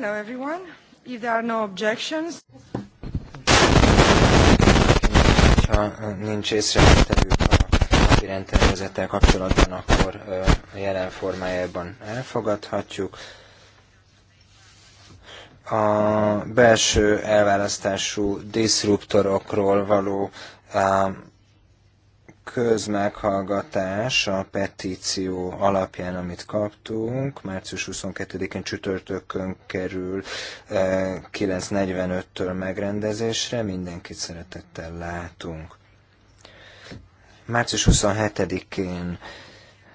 Hello everyone. If there are no objections. Ha nincs észrevételük a rendtervezettel kapcsolatban, akkor a jelen formájában elfogadhatjuk. A belső elválasztású diszruptorokról való közmeghallgatás a petíció alapján, amit kaptunk. Március 22-én csütörtökön kerül 9.45-től eh, megrendezésre. Mindenkit szeretettel látunk. Március 27-én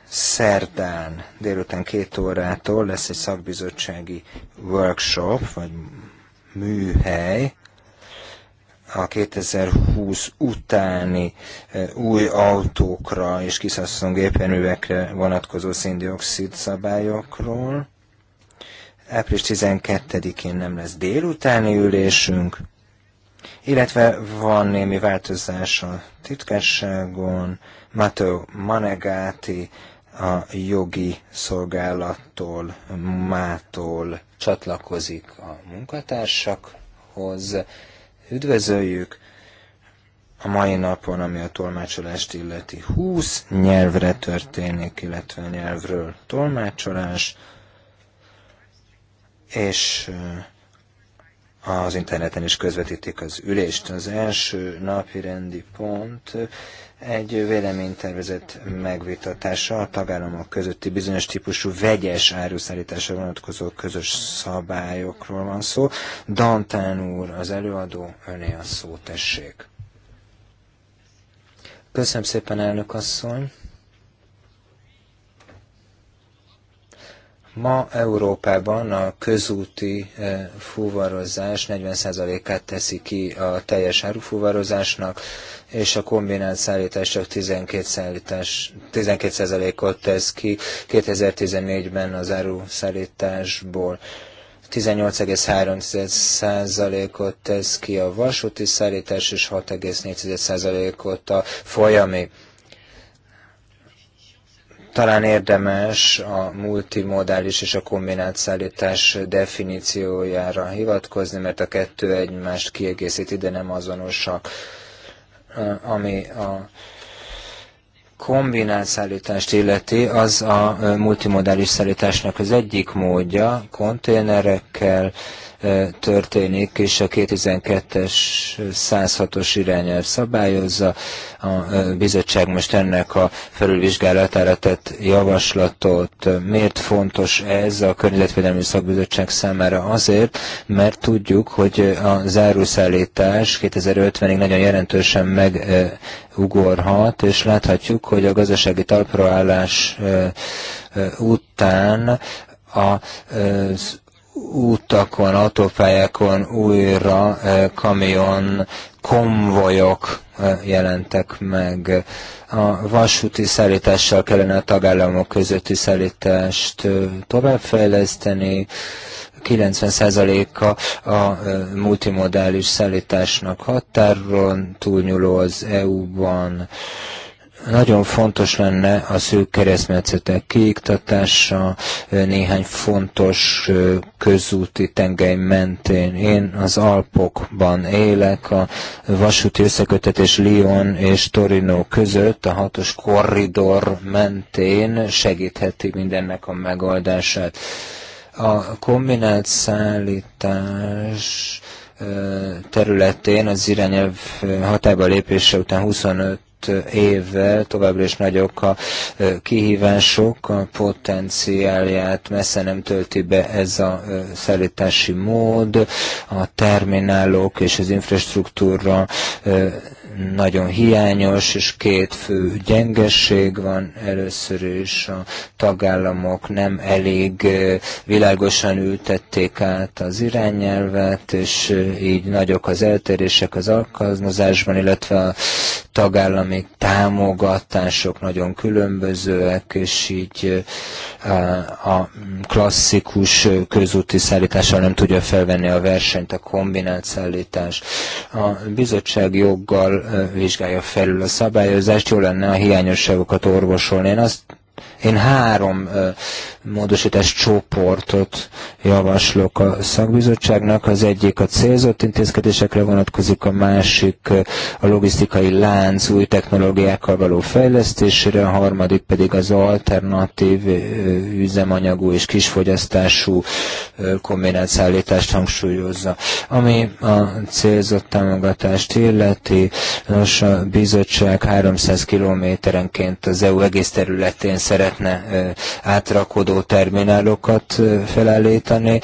szerdán délután két órától lesz egy szakbizottsági workshop, vagy műhely, a 2020 utáni e, új autókra és kiszaszon gépjárművekre vonatkozó széndiokszid szabályokról. Április 12-én nem lesz délutáni ülésünk, illetve van némi változás a titkárságon. Matteo Manegáti a jogi szolgálattól, mától csatlakozik a munkatársakhoz üdvözöljük. A mai napon, ami a tolmácsolást illeti, 20 nyelvre történik, illetve nyelvről tolmácsolás, és az interneten is közvetítik az ülést. Az első napi rendi pont egy véleménytervezet megvitatása a tagállamok közötti bizonyos típusú vegyes áruszállításra vonatkozó közös szabályokról van szó. Dantán úr, az előadó, öné a szó, tessék. Köszönöm szépen, elnök asszony. Ma Európában a közúti eh, fuvarozás 40%-át teszi ki a teljes árufuvarozásnak, és a kombinált szállítás csak 12%-ot 12 tesz ki 2014-ben az áruszállításból. 18,3%-ot tesz ki a vasúti szállítás, és 6,4%-ot a folyami talán érdemes a multimodális és a kombinált szállítás definíciójára hivatkozni, mert a kettő egymást kiegészíti, de nem azonosak. Ami a kombinált szállítást illeti, az a multimodális szállításnak az egyik módja, konténerekkel, történik, és a 2012-es 106-os irányelv szabályozza. A bizottság most ennek a felülvizsgálatára tett javaslatot. Miért fontos ez a Környezetvédelmi Szakbizottság számára? Azért, mert tudjuk, hogy a zárószállítás 2050-ig nagyon jelentősen megugorhat, és láthatjuk, hogy a gazdasági talpraállás után az utakon, autópályákon újra eh, kamion konvojok eh, jelentek meg. A vasúti szállítással kellene a tagállamok közötti szállítást eh, továbbfejleszteni. 90%-a a multimodális szállításnak határon túlnyúló az EU-ban nagyon fontos lenne a szűk keresztmetszetek kiiktatása néhány fontos közúti tengely mentén. Én az Alpokban élek, a vasúti összekötetés Lyon és Torino között, a hatos korridor mentén segítheti mindennek a megoldását. A kombinált szállítás területén az irányelv hatályba lépése után 25 évvel továbbra is nagyok a kihívások, a potenciálját messze nem tölti be ez a szállítási mód, a terminálok és az infrastruktúra nagyon hiányos, és két fő gyengesség van. Először is a tagállamok nem elég világosan ültették át az irányelvet, és így nagyok az eltérések az alkalmazásban, illetve a tagállami támogatások nagyon különbözőek, és így a klasszikus közúti szállítással nem tudja felvenni a versenyt a kombinált szállítás. A bizottság joggal vizsgálja felül a szabályozást, jó lenne a hiányosságokat orvosolni. Én, azt, én három módosítás csoportot javaslok a szakbizottságnak. Az egyik a célzott intézkedésekre vonatkozik, a másik a logisztikai lánc új technológiákkal való fejlesztésére, a harmadik pedig az alternatív üzemanyagú és kisfogyasztású kombinált szállítást hangsúlyozza. Ami a célzott támogatást illeti, nos a bizottság 300 kilométerenként az EU egész területén szeretne átrakodó fogadó terminálokat felállítani.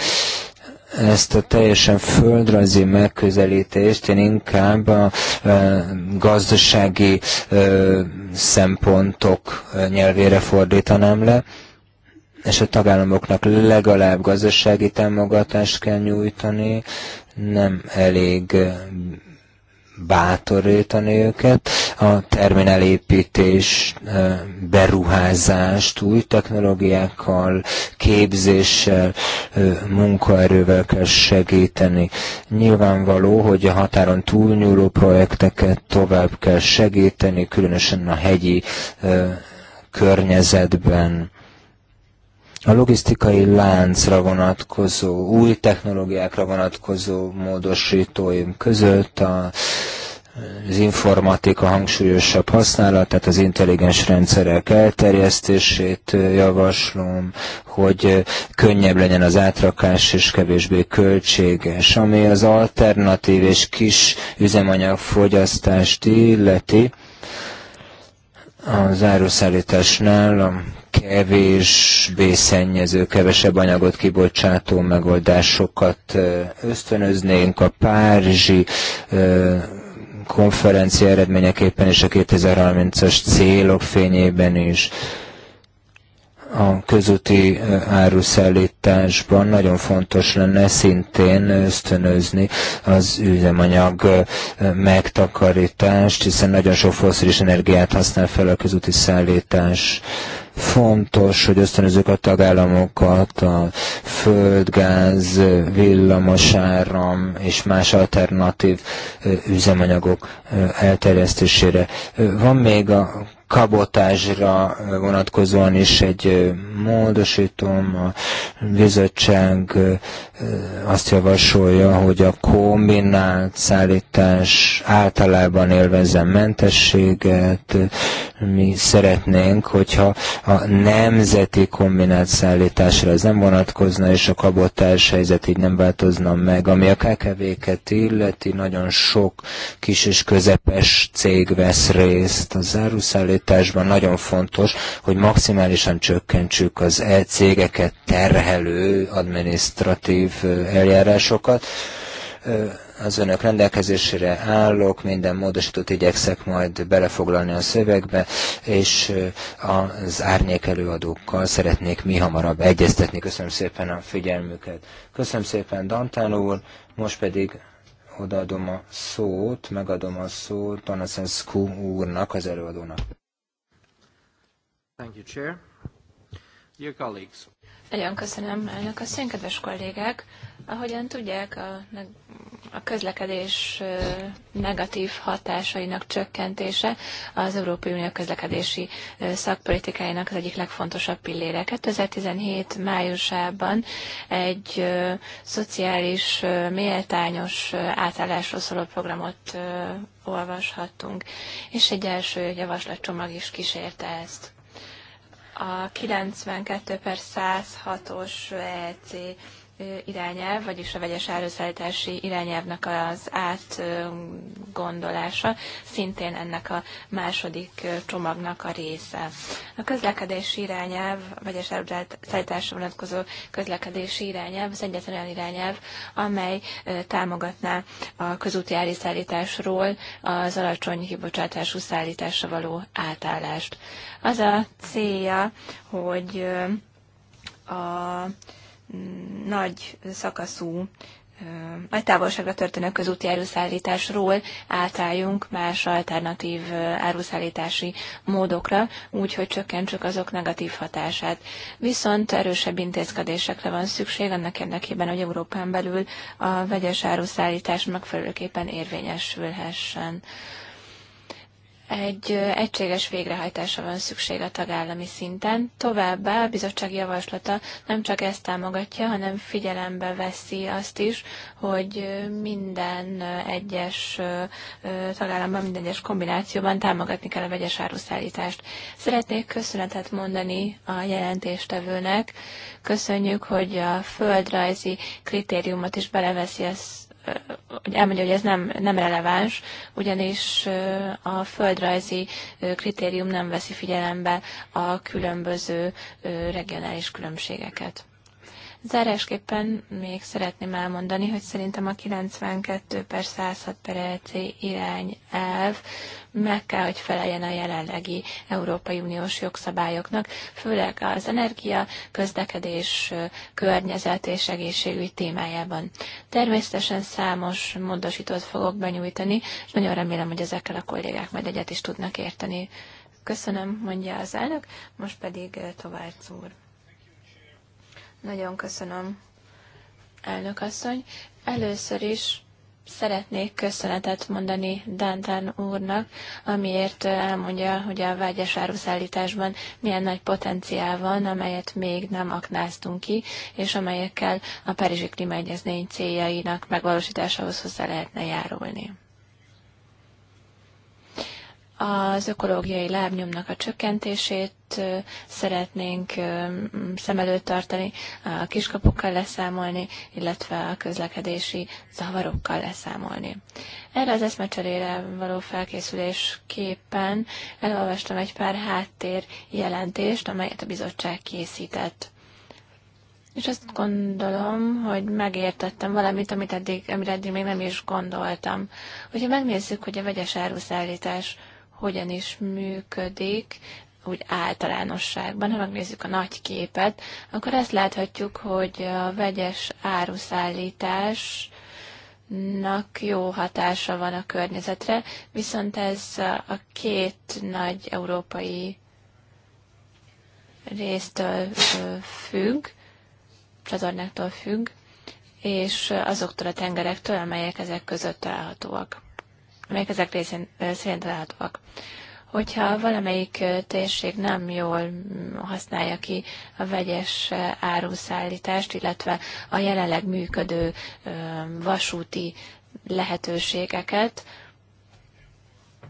Ezt a teljesen földrajzi megközelítést én inkább a gazdasági szempontok nyelvére fordítanám le és a tagállamoknak legalább gazdasági támogatást kell nyújtani, nem elég bátorítani őket. A terminálépítés, beruházást új technológiákkal, képzéssel, munkaerővel kell segíteni. Nyilvánvaló, hogy a határon túlnyúló projekteket tovább kell segíteni, különösen a hegyi környezetben a logisztikai láncra vonatkozó, új technológiákra vonatkozó módosítóim között a, az informatika hangsúlyosabb tehát az intelligens rendszerek elterjesztését javaslom, hogy könnyebb legyen az átrakás és kevésbé költséges, ami az alternatív és kis üzemanyagfogyasztást illeti az áruszállításnál a kevésbé szennyező, kevesebb anyagot kibocsátó megoldásokat ösztönöznénk. A Párizsi konferencia eredményeképpen és a 2030-as célok fényében is a közúti áruszállításban nagyon fontos lenne szintén ösztönözni az üzemanyag megtakarítást, hiszen nagyon sok foszilis energiát használ fel a közúti szállítás. Fontos, hogy ösztönözzük a tagállamokat a földgáz, villamosáram és más alternatív üzemanyagok elterjesztésére. Van még a kabotásra vonatkozóan is egy módosítom. A bizottság azt javasolja, hogy a kombinált szállítás általában élvezze mentességet. Mi szeretnénk, hogyha a nemzeti kombinált szállításra ez nem vonatkozna, és a kabotás helyzet így nem változna meg. Ami a KKV-ket illeti, nagyon sok kis és közepes cég vesz részt a záruszállításban, mobilitásban nagyon fontos, hogy maximálisan csökkentsük az e-cégeket terhelő administratív eljárásokat az önök rendelkezésére állok, minden módosítót igyekszek majd belefoglalni a szövegbe, és az árnyék előadókkal szeretnék mi hamarabb egyeztetni. Köszönöm szépen a figyelmüket. Köszönöm szépen Dantán úr, most pedig odaadom a szót, megadom a szót Tanaszenszkú úrnak, az előadónak. Thank you, Chair. Dear colleagues. Nagyon köszönöm, elnök asszony, kedves kollégák! Ahogyan tudják, a, a közlekedés negatív hatásainak csökkentése az Európai Unió közlekedési szakpolitikájának az egyik legfontosabb pillére. 2017 májusában egy szociális, méltányos átállásról szóló programot olvashattunk, és egy első javaslatcsomag is kísérte ezt a 92 per 106-os EC irányelv, vagyis a vegyes áruszállítási irányelvnek az átgondolása szintén ennek a második csomagnak a része. A közlekedési irányelv, a vegyes áruszállításra vonatkozó közlekedési irányelv az egyetlen olyan irányelv, amely támogatná a közúti áriszállításról az alacsony kibocsátású szállításra való átállást. Az a célja, hogy a nagy szakaszú, nagy távolságra történő közúti áruszállításról átálljunk más alternatív áruszállítási módokra, úgyhogy csökkentsük azok negatív hatását. Viszont erősebb intézkedésekre van szükség annak érdekében, hogy Európán belül a vegyes áruszállítás megfelelőképpen érvényesülhessen egy egységes végrehajtása van szükség a tagállami szinten. Továbbá a bizottság javaslata nem csak ezt támogatja, hanem figyelembe veszi azt is, hogy minden egyes tagállamban, minden egyes kombinációban támogatni kell a vegyes áruszállítást. Szeretnék köszönetet mondani a jelentéstevőnek. Köszönjük, hogy a földrajzi kritériumot is beleveszi elmondja, hogy ez nem, nem releváns, ugyanis a földrajzi kritérium nem veszi figyelembe a különböző regionális különbségeket. Zárásképpen még szeretném elmondani, hogy szerintem a 92 per 106 per EC irány elv meg kell, hogy feleljen a jelenlegi Európai Uniós jogszabályoknak, főleg az energia, közlekedés, környezet és egészségügy témájában. Természetesen számos módosítót fogok benyújtani, és nagyon remélem, hogy ezekkel a kollégák majd egyet is tudnak érteni. Köszönöm, mondja az elnök, most pedig eh, Tovább úr. Nagyon köszönöm, elnök asszony. Először is szeretnék köszönetet mondani Dántán úrnak, amiért elmondja, hogy a vágyas áruszállításban milyen nagy potenciál van, amelyet még nem aknáztunk ki, és amelyekkel a Párizsi Klimaegyezmény céljainak megvalósításához hozzá lehetne járulni az ökológiai lábnyomnak a csökkentését szeretnénk szem előtt tartani, a kiskapukkal leszámolni, illetve a közlekedési zavarokkal leszámolni. Erre az eszmecserére való felkészülés képen elolvastam egy pár háttér jelentést, amelyet a bizottság készített. És azt gondolom, hogy megértettem valamit, amit eddig, amire eddig még nem is gondoltam. Hogyha megnézzük, hogy a vegyes áruszállítás hogyan is működik, úgy általánosságban, ha megnézzük a nagy képet, akkor ezt láthatjuk, hogy a vegyes áruszállítás nak jó hatása van a környezetre, viszont ez a két nagy európai résztől függ, csatornáktól függ, és azoktól a tengerektől, amelyek ezek között találhatóak amelyek ezek részén, szerint találhatóak. Hogyha valamelyik térség nem jól használja ki a vegyes áruszállítást, illetve a jelenleg működő vasúti lehetőségeket,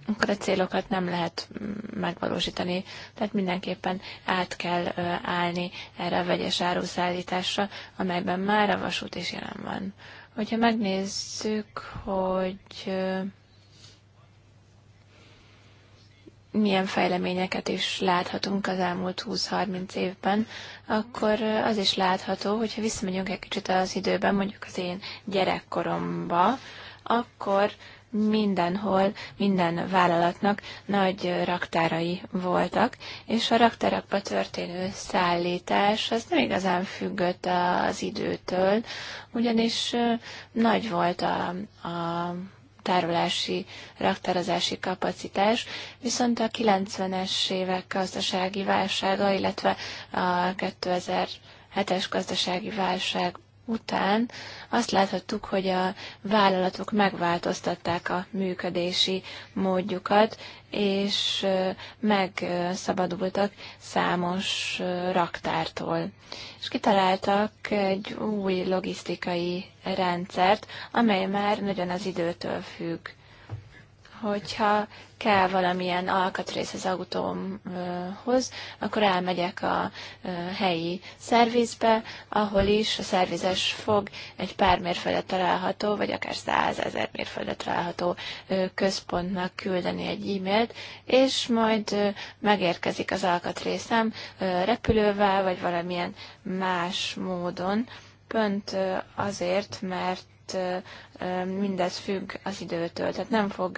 akkor a célokat nem lehet megvalósítani. Tehát mindenképpen át kell állni erre a vegyes áruszállításra, amelyben már a vasút is jelen van. Hogyha megnézzük, hogy milyen fejleményeket is láthatunk az elmúlt 20-30 évben, akkor az is látható, hogyha visszamegyünk egy kicsit az időben, mondjuk az én gyerekkoromba, akkor mindenhol, minden vállalatnak nagy raktárai voltak, és a raktárakba történő szállítás az nem igazán függött az időtől, ugyanis nagy volt a, a tárolási, raktározási kapacitás, viszont a 90-es évek gazdasági válsága, illetve a 2007-es gazdasági válság után azt láthattuk, hogy a vállalatok megváltoztatták a működési módjukat, és megszabadultak számos raktártól. És kitaláltak egy új logisztikai rendszert, amely már nagyon az időtől függ hogyha kell valamilyen alkatrész az autómhoz, akkor elmegyek a helyi szervizbe, ahol is a szervizes fog egy pár mérföldet található, vagy akár százezer mérföldet található központnak küldeni egy e-mailt, és majd megérkezik az alkatrészem repülővel, vagy valamilyen más módon, pont azért, mert mindez függ az időtől, tehát nem fog,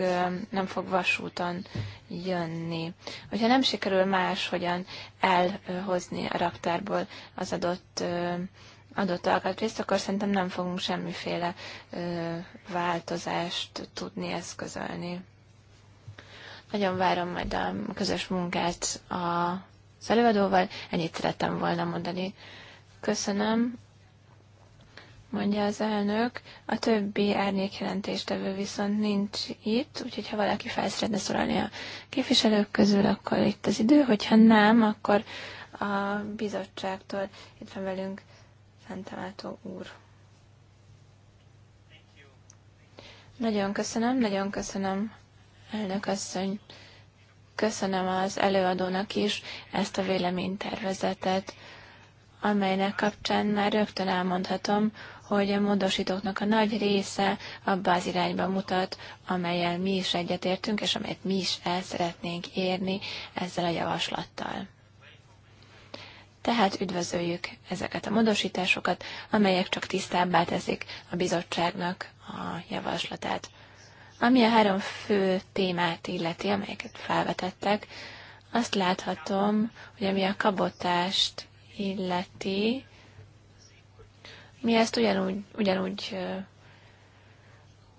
nem fog vasúton jönni. Hogyha nem sikerül máshogyan elhozni a raktárból az adott adott alkatrészt, akkor szerintem nem fogunk semmiféle ö, változást tudni eszközölni. Nagyon várom majd a közös munkát a, az előadóval, ennyit szerettem volna mondani. Köszönöm mondja az elnök. A többi árnyékjelentéstevő viszont nincs itt, úgyhogy ha valaki fel szeretne szólalni a képviselők közül, akkor itt az idő, hogyha nem, akkor a bizottságtól itt van velünk Fentemátó úr. Nagyon köszönöm, nagyon köszönöm, elnök asszony. Köszönöm az előadónak is ezt a véleménytervezetet amelynek kapcsán már rögtön elmondhatom, hogy a módosítóknak a nagy része abba az irányba mutat, amelyel mi is egyetértünk, és amelyet mi is el szeretnénk érni ezzel a javaslattal. Tehát üdvözöljük ezeket a módosításokat, amelyek csak tisztábbá teszik a bizottságnak a javaslatát. Ami a három fő témát illeti, amelyeket felvetettek, azt láthatom, hogy ami a kabotást illeti, mi ezt ugyanúgy, ugyanúgy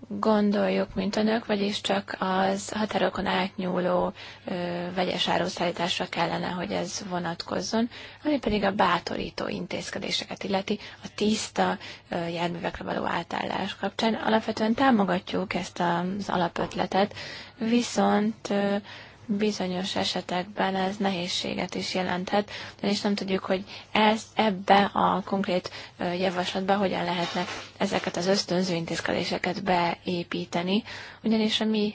gondoljuk, mint önök, vagyis csak az határokon átnyúló ö, vegyes áruszállításra kellene, hogy ez vonatkozzon, ami pedig a bátorító intézkedéseket illeti, a tiszta ö, járművekre való átállás kapcsán. Alapvetően támogatjuk ezt az alapötletet, viszont ö, bizonyos esetekben ez nehézséget is jelenthet, ugyanis nem tudjuk, hogy ez, ebbe a konkrét javaslatba hogyan lehetne ezeket az ösztönző intézkedéseket beépíteni, ugyanis a mi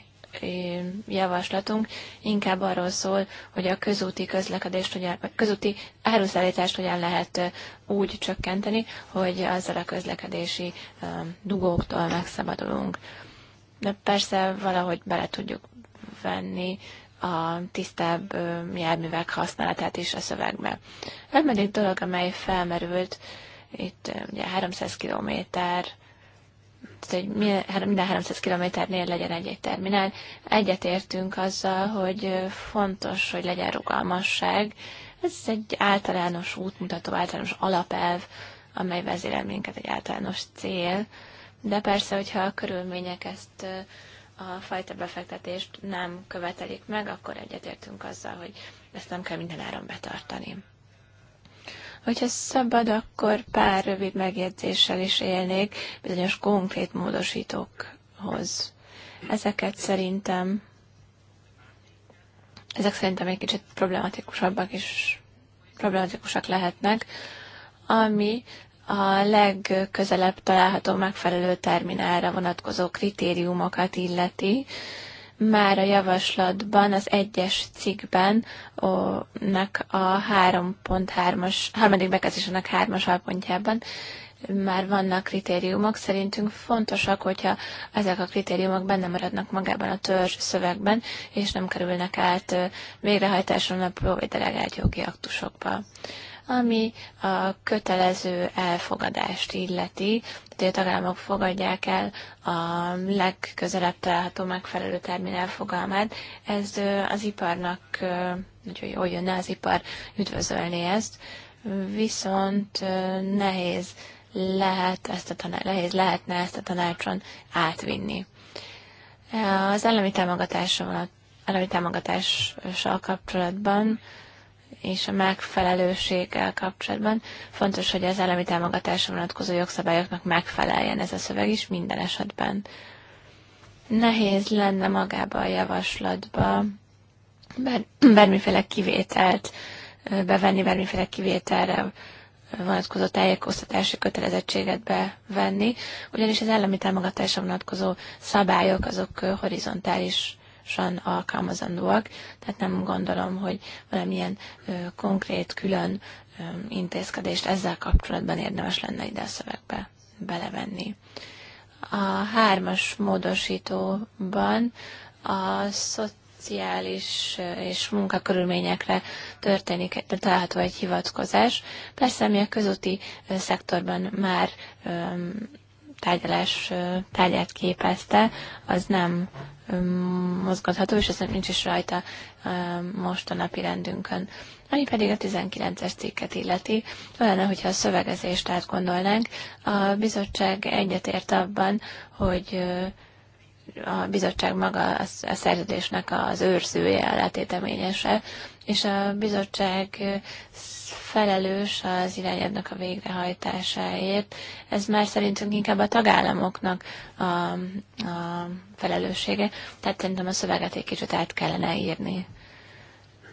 javaslatunk inkább arról szól, hogy a közúti közlekedést, a közúti áruszállítást hogyan lehet úgy csökkenteni, hogy azzal a közlekedési dugóktól megszabadulunk. De persze valahogy bele tudjuk venni a tisztább járművek használatát is a szövegbe. egy dolog, amely felmerült, itt ugye 300 kilométer, tehát, hogy minden 300 kilométernél legyen egy-egy terminál. Egyetértünk azzal, hogy fontos, hogy legyen rugalmasság. Ez egy általános útmutató, általános alapelv, amely vezérel minket egy általános cél. De persze, hogyha a körülmények ezt a fajta befektetést nem követelik meg, akkor egyetértünk azzal, hogy ezt nem kell minden áron betartani. Hogyha szabad, akkor pár rövid megjegyzéssel is élnék bizonyos konkrét módosítókhoz. Ezeket szerintem ezek szerintem egy kicsit problematikusabbak is problematikusak lehetnek, ami a legközelebb található megfelelő terminálra vonatkozó kritériumokat illeti, már a javaslatban az egyes cikkben ó, nek a 3.3-as, harmadik bekezdésének 3-as alpontjában már vannak kritériumok, szerintünk fontosak, hogyha ezek a kritériumok benne maradnak magában a törzs szövegben, és nem kerülnek át végrehajtáson a delegált jogi aktusokba ami a kötelező elfogadást illeti, tehát a tagállamok fogadják el a legközelebb található megfelelő terminál elfogalmát. Ez az iparnak, úgyhogy hogy jönne az ipar üdvözölni ezt, viszont nehéz lehet ezt a tanács, nehéz lehetne ezt a tanácson átvinni. Az állami támogatásra, állami támogatással kapcsolatban és a megfelelőséggel kapcsolatban fontos, hogy az elemi támogatásra vonatkozó jogszabályoknak megfeleljen ez a szöveg is minden esetben. Nehéz lenne magába a javaslatba bár, bármiféle kivételt bevenni, bármiféle kivételre vonatkozó tájékoztatási kötelezettséget bevenni, ugyanis az állami támogatásra vonatkozó szabályok azok horizontális gyakorlatban alkalmazandóak, tehát nem gondolom, hogy valamilyen konkrét, külön intézkedést ezzel kapcsolatban érdemes lenne ide a szövegbe belevenni. A hármas módosítóban a szociális és munkakörülményekre történik, található egy hivatkozás. Persze, ami a közúti szektorban már tárgyalás tárgyát képezte, az nem mozgatható, és ez nincs is rajta most a napi rendünkön. Ami pedig a 19-es cikket illeti, olyan, hogyha a szövegezést átgondolnánk, a bizottság egyetért abban, hogy a bizottság maga a szerződésnek az őrzője, a letéteményese, és a bizottság felelős az irányadnak a végrehajtásáért. Ez már szerintünk inkább a tagállamoknak a, a felelőssége, tehát szerintem a szöveget egy kicsit át kellene írni.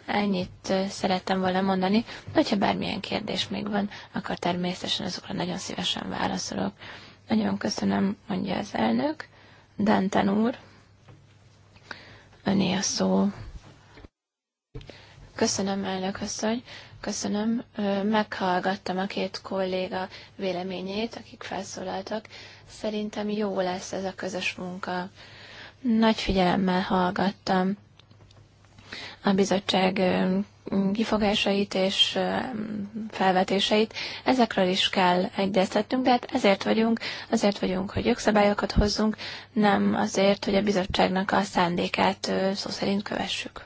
Ennyit szerettem volna mondani, hogyha bármilyen kérdés még van, akkor természetesen azokra nagyon szívesen válaszolok. Nagyon köszönöm, mondja az elnök. Danten úr, öné a szó. Köszönöm, elnök asszony. Köszönöm. Meghallgattam a két kolléga véleményét, akik felszólaltak. Szerintem jó lesz ez a közös munka. Nagy figyelemmel hallgattam a bizottság kifogásait és felvetéseit. Ezekről is kell egyeztetnünk, de hát ezért vagyunk, azért vagyunk, hogy jogszabályokat hozzunk, nem azért, hogy a bizottságnak a szándékát szó szerint kövessük.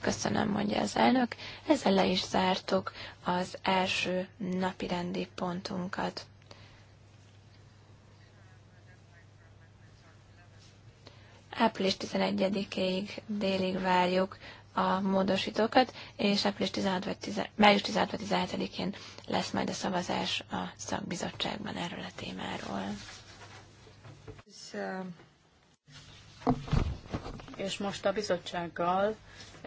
Köszönöm, mondja az elnök. Ezzel le is zártuk az első napi rendi pontunkat. Április 11-ig délig várjuk a módosítókat, és április 16 vagy 10, május 16 vagy 17-én lesz majd a szavazás a szakbizottságban erről a témáról. És most a bizottsággal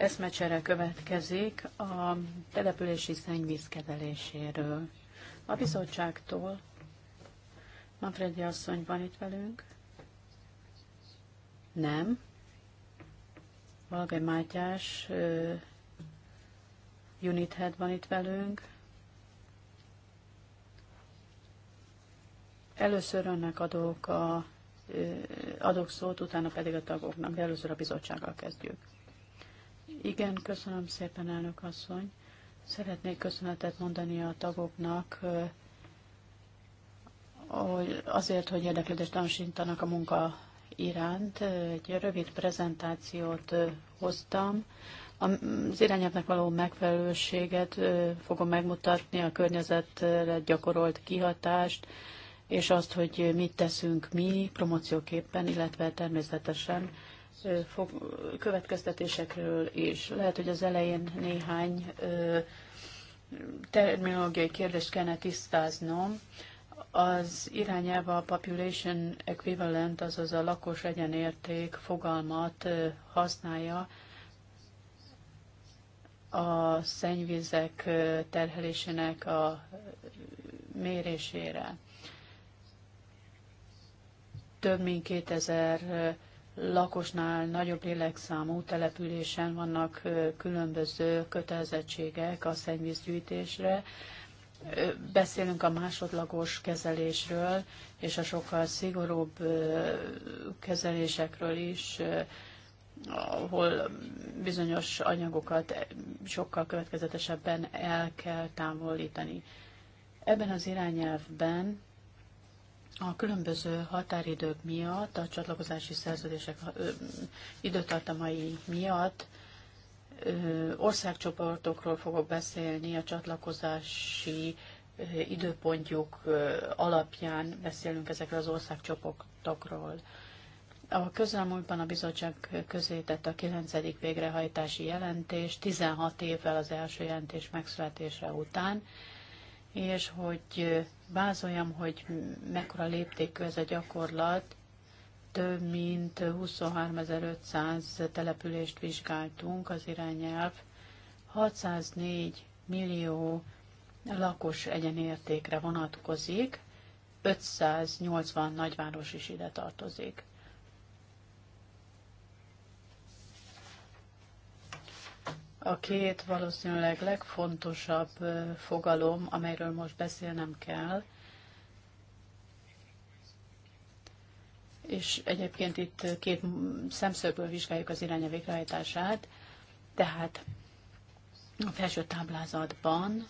eszmecsere következik a települési szennyvíz kezeléséről. A bizottságtól Manfredi asszony van itt velünk? Nem. Valge Mátyás Unit Head van itt velünk. Először önnek adok, a, adok szót, utána pedig a tagoknak, de először a bizottsággal kezdjük. Igen, köszönöm szépen, elnök asszony. Szeretnék köszönetet mondani a tagoknak azért, hogy érdeklődést tanúsítanak a munka iránt. Egy rövid prezentációt hoztam. Az irányelvnek való megfelelőséget fogom megmutatni, a környezetre gyakorolt kihatást, és azt, hogy mit teszünk mi promócióképpen, illetve természetesen következtetésekről is. Lehet, hogy az elején néhány terminológiai kérdést kellene tisztáznom. Az irányába a population equivalent, azaz a lakos egyenérték fogalmat használja a szennyvizek terhelésének a mérésére. Több mint 2000 lakosnál nagyobb lélekszámú településen vannak különböző kötelezettségek a szennyvízgyűjtésre. Beszélünk a másodlagos kezelésről és a sokkal szigorúbb kezelésekről is, ahol bizonyos anyagokat sokkal következetesebben el kell távolítani. Ebben az irányelvben a különböző határidők miatt, a csatlakozási szerződések időtartamai miatt országcsoportokról fogok beszélni, a csatlakozási időpontjuk alapján beszélünk ezekről az országcsoportokról. A közelmúltban a bizottság közé tett a 9. végrehajtási jelentés 16 évvel az első jelentés megszületése után, és hogy vázoljam, hogy mekkora léptékű ez a gyakorlat, több mint 23.500 települést vizsgáltunk az irányelv, 604 millió lakos egyenértékre vonatkozik, 580 nagyváros is ide tartozik. A két valószínűleg legfontosabb fogalom, amelyről most beszélnem kell, és egyébként itt két szemszögből vizsgáljuk az iránya végrehajtását, tehát a felső táblázatban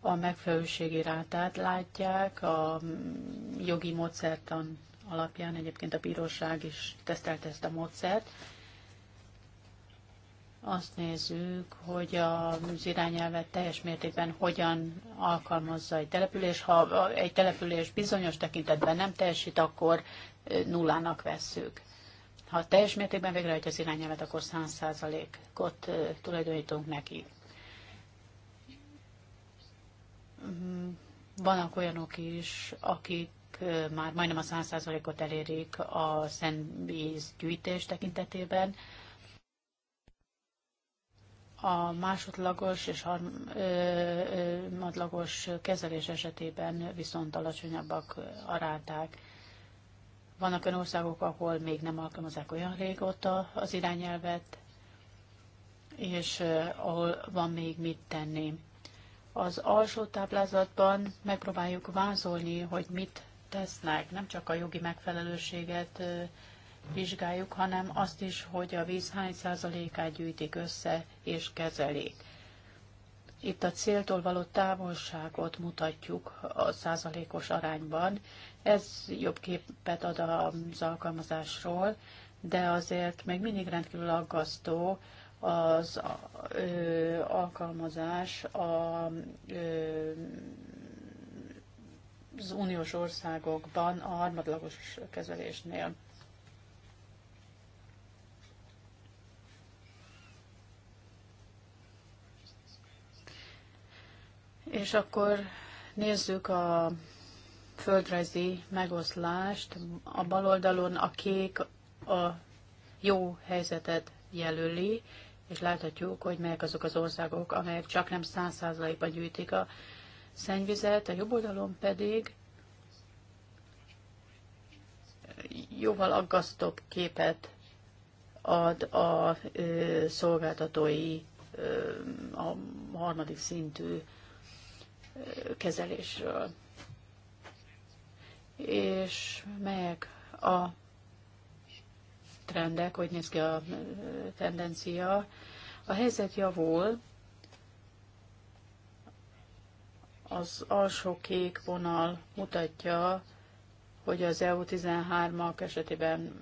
a megfelelőségi rátát látják, a jogi módszertan alapján egyébként a bíróság is tesztelt ezt a módszert, azt nézzük, hogy az irányelvet teljes mértékben hogyan alkalmazza egy település. Ha egy település bizonyos tekintetben nem teljesít, akkor nullának vesszük. Ha teljes mértékben végrehajtja az irányelvet, akkor 100%-ot tulajdonítunk neki. Mm, vannak olyanok is, akik már majdnem a 100%-ot elérik a szentvíz gyűjtés tekintetében, a másodlagos és harmadlagos kezelés esetében viszont alacsonyabbak a ráták. Vannak olyan országok, ahol még nem alkalmazák olyan régóta az irányelvet, és ahol van még mit tenni. Az alsó táblázatban megpróbáljuk vázolni, hogy mit tesznek, nem csak a jogi megfelelőséget vizsgáljuk, hanem azt is, hogy a víz hány százalékát gyűjtik össze és kezelik. Itt a céltól való távolságot mutatjuk a százalékos arányban. Ez jobb képet ad az alkalmazásról, de azért még mindig rendkívül aggasztó az ö, alkalmazás a, ö, az uniós országokban a harmadlagos kezelésnél. És akkor nézzük a földrajzi megoszlást. A bal oldalon a kék a jó helyzetet jelöli, és láthatjuk, hogy melyek azok az országok, amelyek csak nem száz százalékban gyűjtik a szennyvizet, a jobb oldalon pedig jóval aggasztóbb képet ad a ö, szolgáltatói, ö, a harmadik szintű kezelésről. És meg a trendek, hogy néz ki a tendencia. A helyzet javul, az alsó kék vonal mutatja, hogy az EU13-ak esetében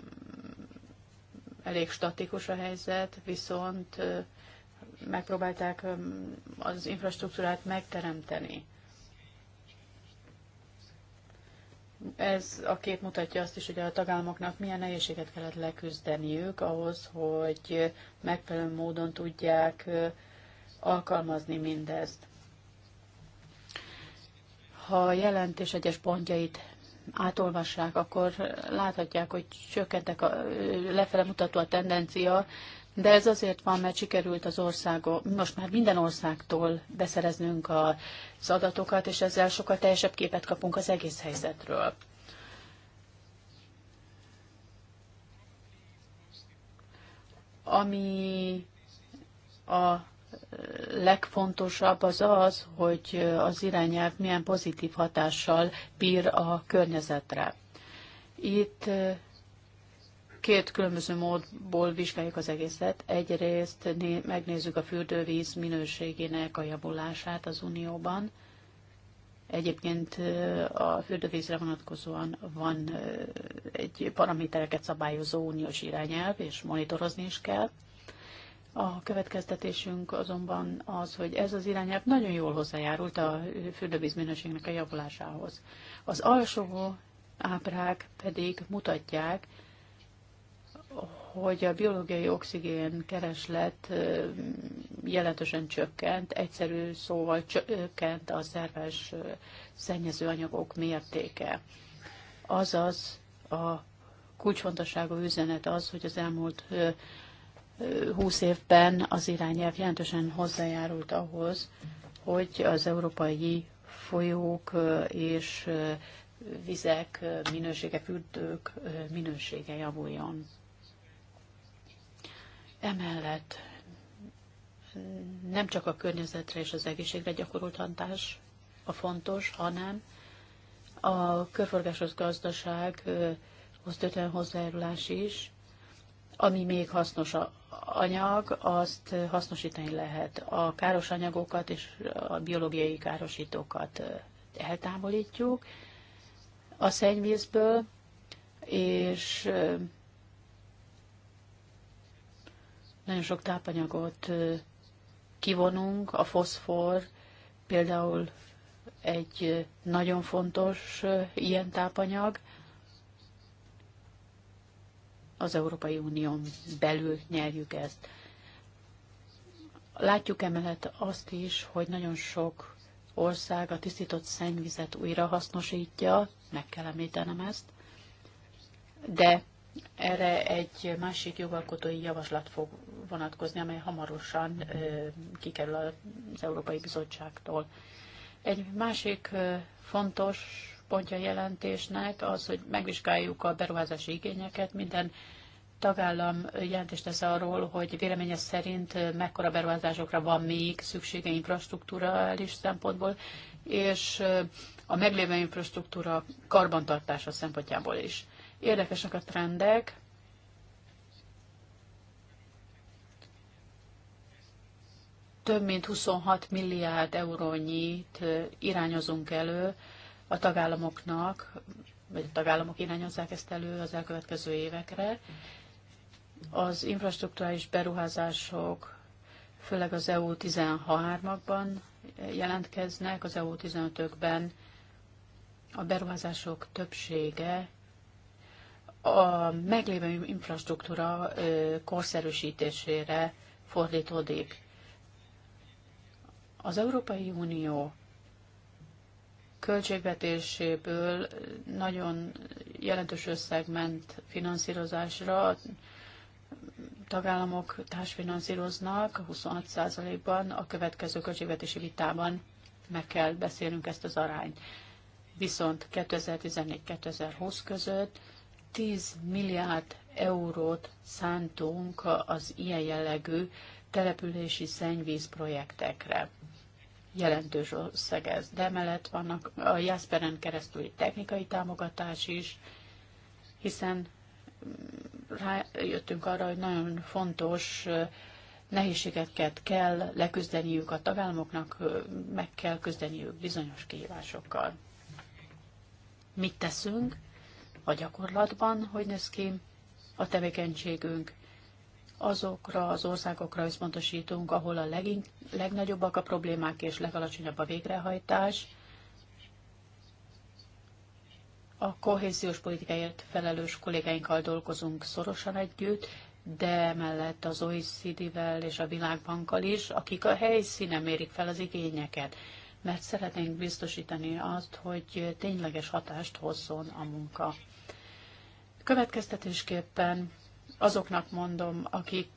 elég statikus a helyzet, viszont megpróbálták az infrastruktúrát megteremteni. Ez a kép mutatja azt is, hogy a tagállamoknak milyen nehézséget kellett leküzdeniük ahhoz, hogy megfelelő módon tudják alkalmazni mindezt. Ha a jelentés egyes pontjait átolvassák, akkor láthatják, hogy csökkentek a lefele mutató a tendencia, de ez azért van, mert sikerült az országok, most már minden országtól beszereznünk az adatokat, és ezzel sokkal teljesebb képet kapunk az egész helyzetről. Ami a legfontosabb az az, hogy az irányelv milyen pozitív hatással bír a környezetre. Itt két különböző módból vizsgáljuk az egészet. Egyrészt megnézzük a fürdővíz minőségének a javulását az Unióban. Egyébként a fürdővízre vonatkozóan van egy paramétereket szabályozó uniós irányelv, és monitorozni is kell. A következtetésünk azonban az, hogy ez az irányelv nagyon jól hozzájárult a fürdővíz minőségnek a javulásához. Az alsó ábrák pedig mutatják, hogy a biológiai oxigén kereslet jelentősen csökkent, egyszerű szóval csökkent a szerves szennyezőanyagok mértéke. Azaz a kulcsfontosságú üzenet az, hogy az elmúlt 20 évben az irányelv jelentősen hozzájárult ahhoz, hogy az európai folyók és vizek minősége, fürdők minősége javuljon. Emellett nem csak a környezetre és az egészségre gyakorolt hatás a fontos, hanem a körforgásos gazdaság, történő hozzájárulás is, ami még hasznos a anyag, azt hasznosítani lehet. A káros anyagokat és a biológiai károsítókat eltávolítjuk a szennyvízből, és nagyon sok tápanyagot kivonunk, a foszfor például egy nagyon fontos ilyen tápanyag az Európai Unión belül nyerjük ezt. Látjuk emellett azt is, hogy nagyon sok ország a tisztított szennyvizet újra hasznosítja, meg kell említenem ezt, de erre egy másik jogalkotói javaslat fog vonatkozni, amely hamarosan kikerül az Európai Bizottságtól. Egy másik fontos pontja jelentésnek az, hogy megvizsgáljuk a beruházási igényeket. Minden tagállam jelentést tesz arról, hogy véleménye szerint mekkora beruházásokra van még szüksége infrastruktúrális szempontból, és a meglévő infrastruktúra karbantartása szempontjából is. Érdekesek a trendek. Több mint 26 milliárd eurónyit irányozunk elő a tagállamoknak, vagy a tagállamok irányozzák ezt elő az elkövetkező évekre. Az infrastruktúrális beruházások főleg az EU13-akban jelentkeznek, az EU15-ökben a beruházások többsége a meglévő infrastruktúra korszerűsítésére fordítódik. Az Európai Unió költségvetéséből nagyon jelentős összeg ment finanszírozásra, a tagállamok társfinanszíroznak 26%-ban, a következő költségvetési vitában meg kell beszélnünk ezt az arányt. Viszont 2014-2020 között 10 milliárd eurót szántunk az ilyen jellegű települési szennyvíz projektekre. Jelentős összeg ez. De mellett vannak a jászperen keresztüli technikai támogatás is, hiszen mm, rájöttünk arra, hogy nagyon fontos nehézségeket kell leküzdeniük a tagállamoknak, meg kell küzdeniük bizonyos kihívásokkal. Mit teszünk? a gyakorlatban hogy néz ki a tevékenységünk. Azokra az országokra összpontosítunk, ahol a leg, legnagyobbak a problémák és legalacsonyabb a végrehajtás. A kohéziós politikáért felelős kollégáinkkal dolgozunk szorosan együtt, de mellett az OECD-vel és a Világbankkal is, akik a helyszínen mérik fel az igényeket, mert szeretnénk biztosítani azt, hogy tényleges hatást hozzon a munka. Következtetésképpen azoknak mondom, akik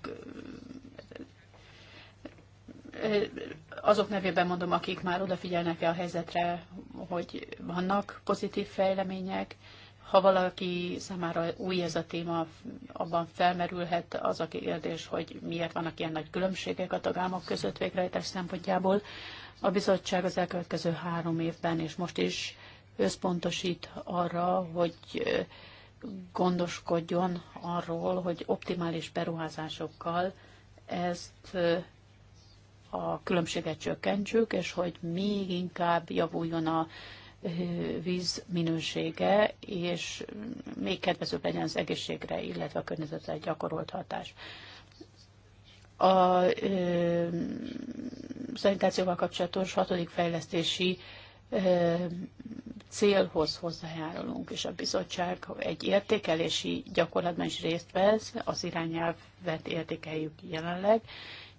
azok nevében mondom, akik már odafigyelnek -e a helyzetre, hogy vannak pozitív fejlemények, ha valaki számára új ez a téma, abban felmerülhet az a kérdés, hogy miért vannak ilyen nagy különbségek a tagállamok között végrehajtás szempontjából. A bizottság az elkövetkező három évben és most is összpontosít arra, hogy gondoskodjon arról, hogy optimális beruházásokkal ezt a különbséget csökkentsük, és hogy még inkább javuljon a víz minősége, és még kedvezőbb legyen az egészségre, illetve a környezetre gyakorolt hatás. A szanitációval kapcsolatos hatodik fejlesztési célhoz hozzájárulunk, és a bizottság egy értékelési gyakorlatban is részt vesz, az irányelvet értékeljük jelenleg,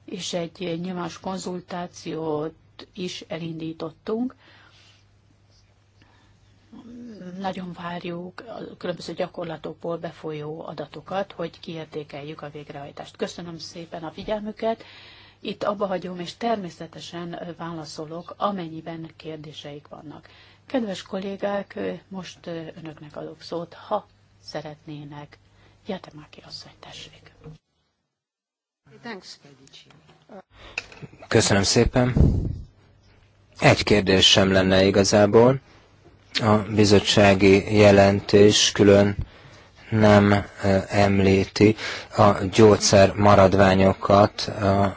és egy nyilvános konzultációt is elindítottunk. Nagyon várjuk a különböző gyakorlatokból befolyó adatokat, hogy kiértékeljük a végrehajtást. Köszönöm szépen a figyelmüket. Itt abba hagyom, és természetesen válaszolok, amennyiben kérdéseik vannak. Kedves kollégák, most önöknek adok szót, ha szeretnének. Jatemáki asszony, tessék. Köszönöm szépen. Egy kérdés sem lenne igazából. A bizottsági jelentés külön nem említi a gyógyszer maradványokat a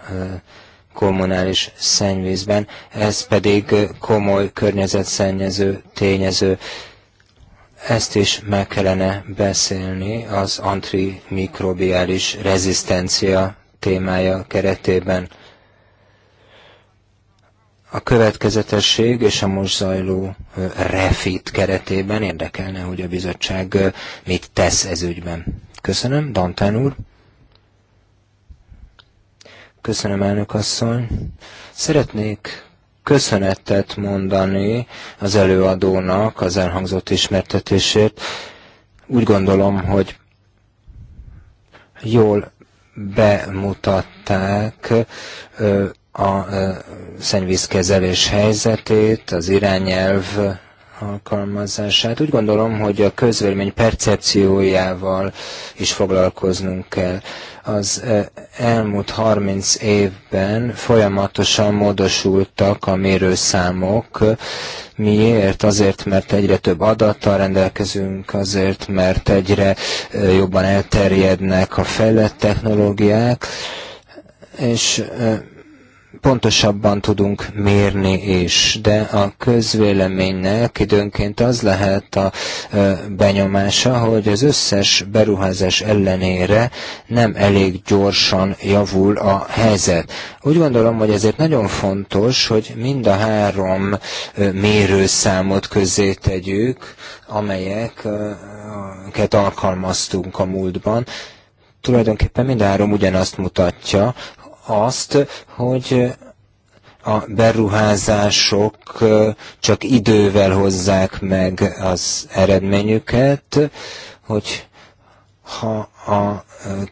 kommunális szennyvízben, ez pedig komoly környezetszennyező tényező. Ezt is meg kellene beszélni az antimikrobiális rezisztencia témája keretében. A következetesség és a most zajló refit keretében érdekelne, hogy a bizottság mit tesz ez ügyben. Köszönöm, Dantán úr. Köszönöm, elnök asszony. Szeretnék köszönetet mondani az előadónak az elhangzott ismertetésért. Úgy gondolom, hogy jól bemutatták a szennyvízkezelés helyzetét, az irányelv alkalmazását. Úgy gondolom, hogy a közvélemény percepciójával is foglalkoznunk kell. Az e, elmúlt 30 évben folyamatosan módosultak a mérőszámok. Miért? Azért, mert egyre több adattal rendelkezünk, azért, mert egyre e, jobban elterjednek a fejlett technológiák, és e, pontosabban tudunk mérni is, de a közvéleménynek időnként az lehet a benyomása, hogy az összes beruházás ellenére nem elég gyorsan javul a helyzet. Úgy gondolom, hogy ezért nagyon fontos, hogy mind a három mérőszámot közé tegyük, amelyeket alkalmaztunk a múltban, tulajdonképpen mind a három ugyanazt mutatja, azt, hogy a beruházások csak idővel hozzák meg az eredményüket, hogy ha a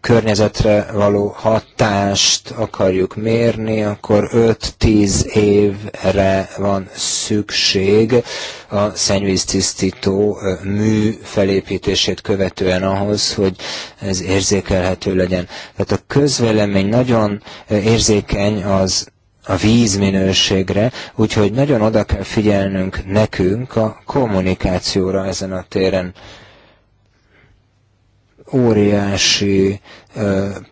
környezetre való hatást akarjuk mérni, akkor 5-10 évre van szükség a szennyvíztisztító mű felépítését követően ahhoz, hogy ez érzékelhető legyen. Tehát a közvélemény nagyon érzékeny az a vízminőségre, úgyhogy nagyon oda kell figyelnünk nekünk a kommunikációra ezen a téren óriási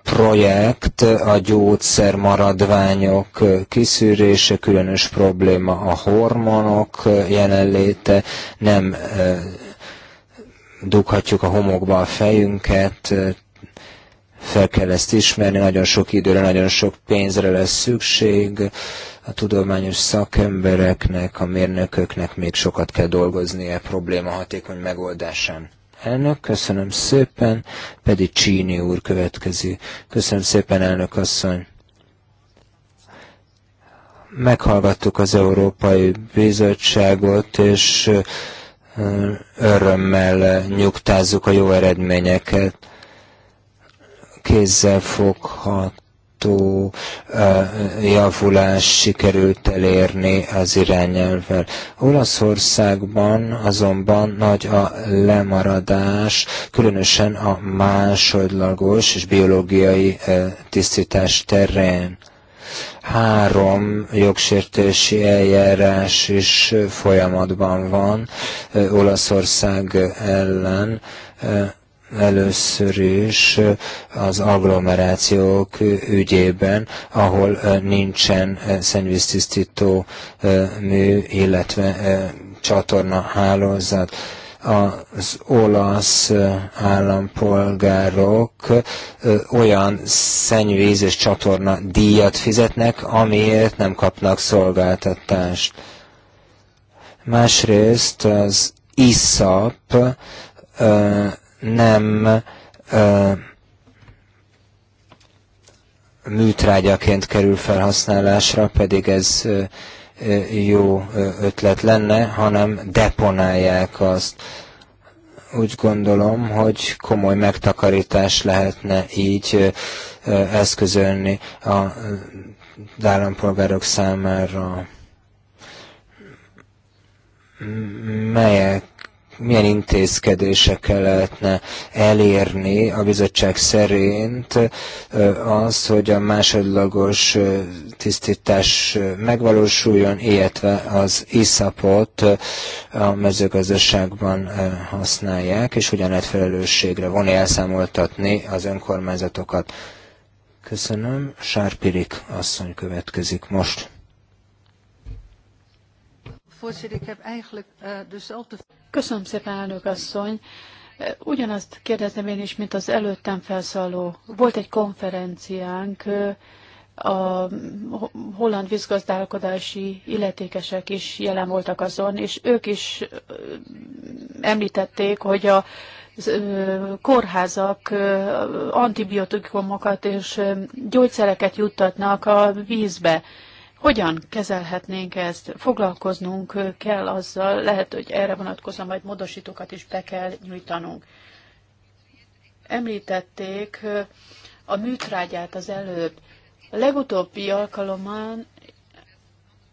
projekt a gyógyszermaradványok kiszűrése, különös probléma a hormonok jelenléte, nem dughatjuk a homokba a fejünket, fel kell ezt ismerni, nagyon sok időre, nagyon sok pénzre lesz szükség, a tudományos szakembereknek, a mérnököknek még sokat kell dolgozni a probléma hatékony megoldásán. Elnök, köszönöm szépen, pedig Csíni úr következő. Köszönöm szépen, elnök asszony. Meghallgattuk az Európai Bizottságot, és örömmel nyugtázzuk a jó eredményeket. Kézzel foghat mutató javulás sikerült elérni az irányelvvel. Olaszországban azonban nagy a lemaradás, különösen a másodlagos és biológiai tisztítás terén három jogsértési eljárás is folyamatban van Olaszország ellen először is az agglomerációk ügyében, ahol nincsen szennyvíztisztító mű, illetve csatorna hálózat az olasz állampolgárok olyan szennyvíz és csatorna díjat fizetnek, amiért nem kapnak szolgáltatást. Másrészt az ISAP nem ö, műtrágyaként kerül felhasználásra, pedig ez ö, jó ötlet lenne, hanem deponálják azt. Úgy gondolom, hogy komoly megtakarítás lehetne így eszközölni a állampolgárok számára. Melyek milyen intézkedésekkel lehetne elérni a bizottság szerint az, hogy a másodlagos tisztítás megvalósuljon, illetve az iszapot a mezőgazdaságban használják, és hogyan lehet felelősségre vonni, elszámoltatni az önkormányzatokat. Köszönöm. Sárpirik asszony következik most. Eh, Köszönöm szépen, elnök asszony. Eh, ugyanazt kérdezem én is, mint az előttem felszálló. Volt egy konferenciánk, eh, a holland vízgazdálkodási illetékesek is jelen voltak azon, és ők is említették, hogy a kórházak antibiotikumokat és gyógyszereket juttatnak a vízbe. Hogyan kezelhetnénk ezt? Foglalkoznunk kell azzal, lehet, hogy erre vonatkozóan majd módosítókat is be kell nyújtanunk. Említették a műtrágyát az előbb. A legutóbbi alkalommal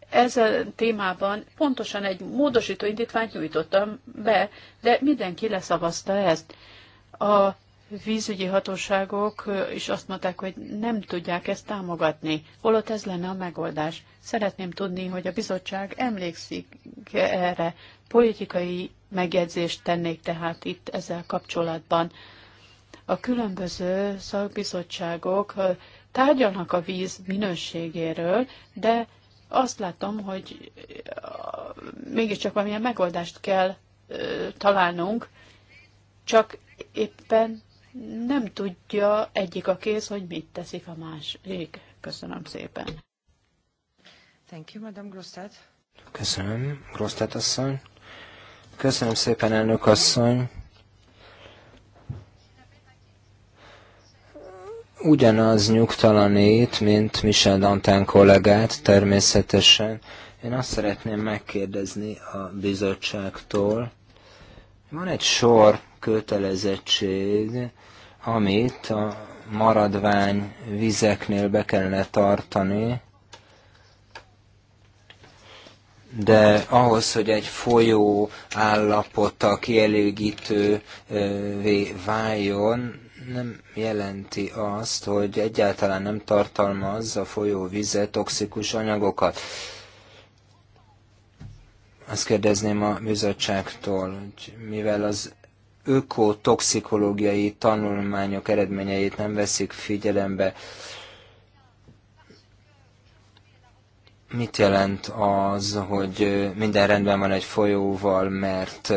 ezzel témában pontosan egy módosító indítványt nyújtottam be, de mindenki leszavazta ezt. A vízügyi hatóságok is azt mondták, hogy nem tudják ezt támogatni, holott ez lenne a megoldás. Szeretném tudni, hogy a bizottság emlékszik erre. Politikai megjegyzést tennék tehát itt ezzel kapcsolatban. A különböző szakbizottságok tárgyalnak a víz minőségéről, de azt látom, hogy mégiscsak valamilyen megoldást kell találnunk, csak éppen nem tudja egyik a kéz, hogy mit teszik a másik. Köszönöm szépen. Thank you, Madame Grosztát. Köszönöm, Grosztát asszony. Köszönöm szépen, elnök asszony. Ugyanaz nyugtalanít, mint Michel Dantán kollégát, természetesen. Én azt szeretném megkérdezni a bizottságtól, van egy sor kötelezettség, amit a maradvány vizeknél be kellene tartani, de ahhoz, hogy egy folyó állapota kielégítővé váljon, nem jelenti azt, hogy egyáltalán nem tartalmaz a vize toxikus anyagokat. Azt kérdezném a bizottságtól, hogy mivel az ökotoxikológiai tanulmányok eredményeit nem veszik figyelembe, mit jelent az, hogy minden rendben van egy folyóval, mert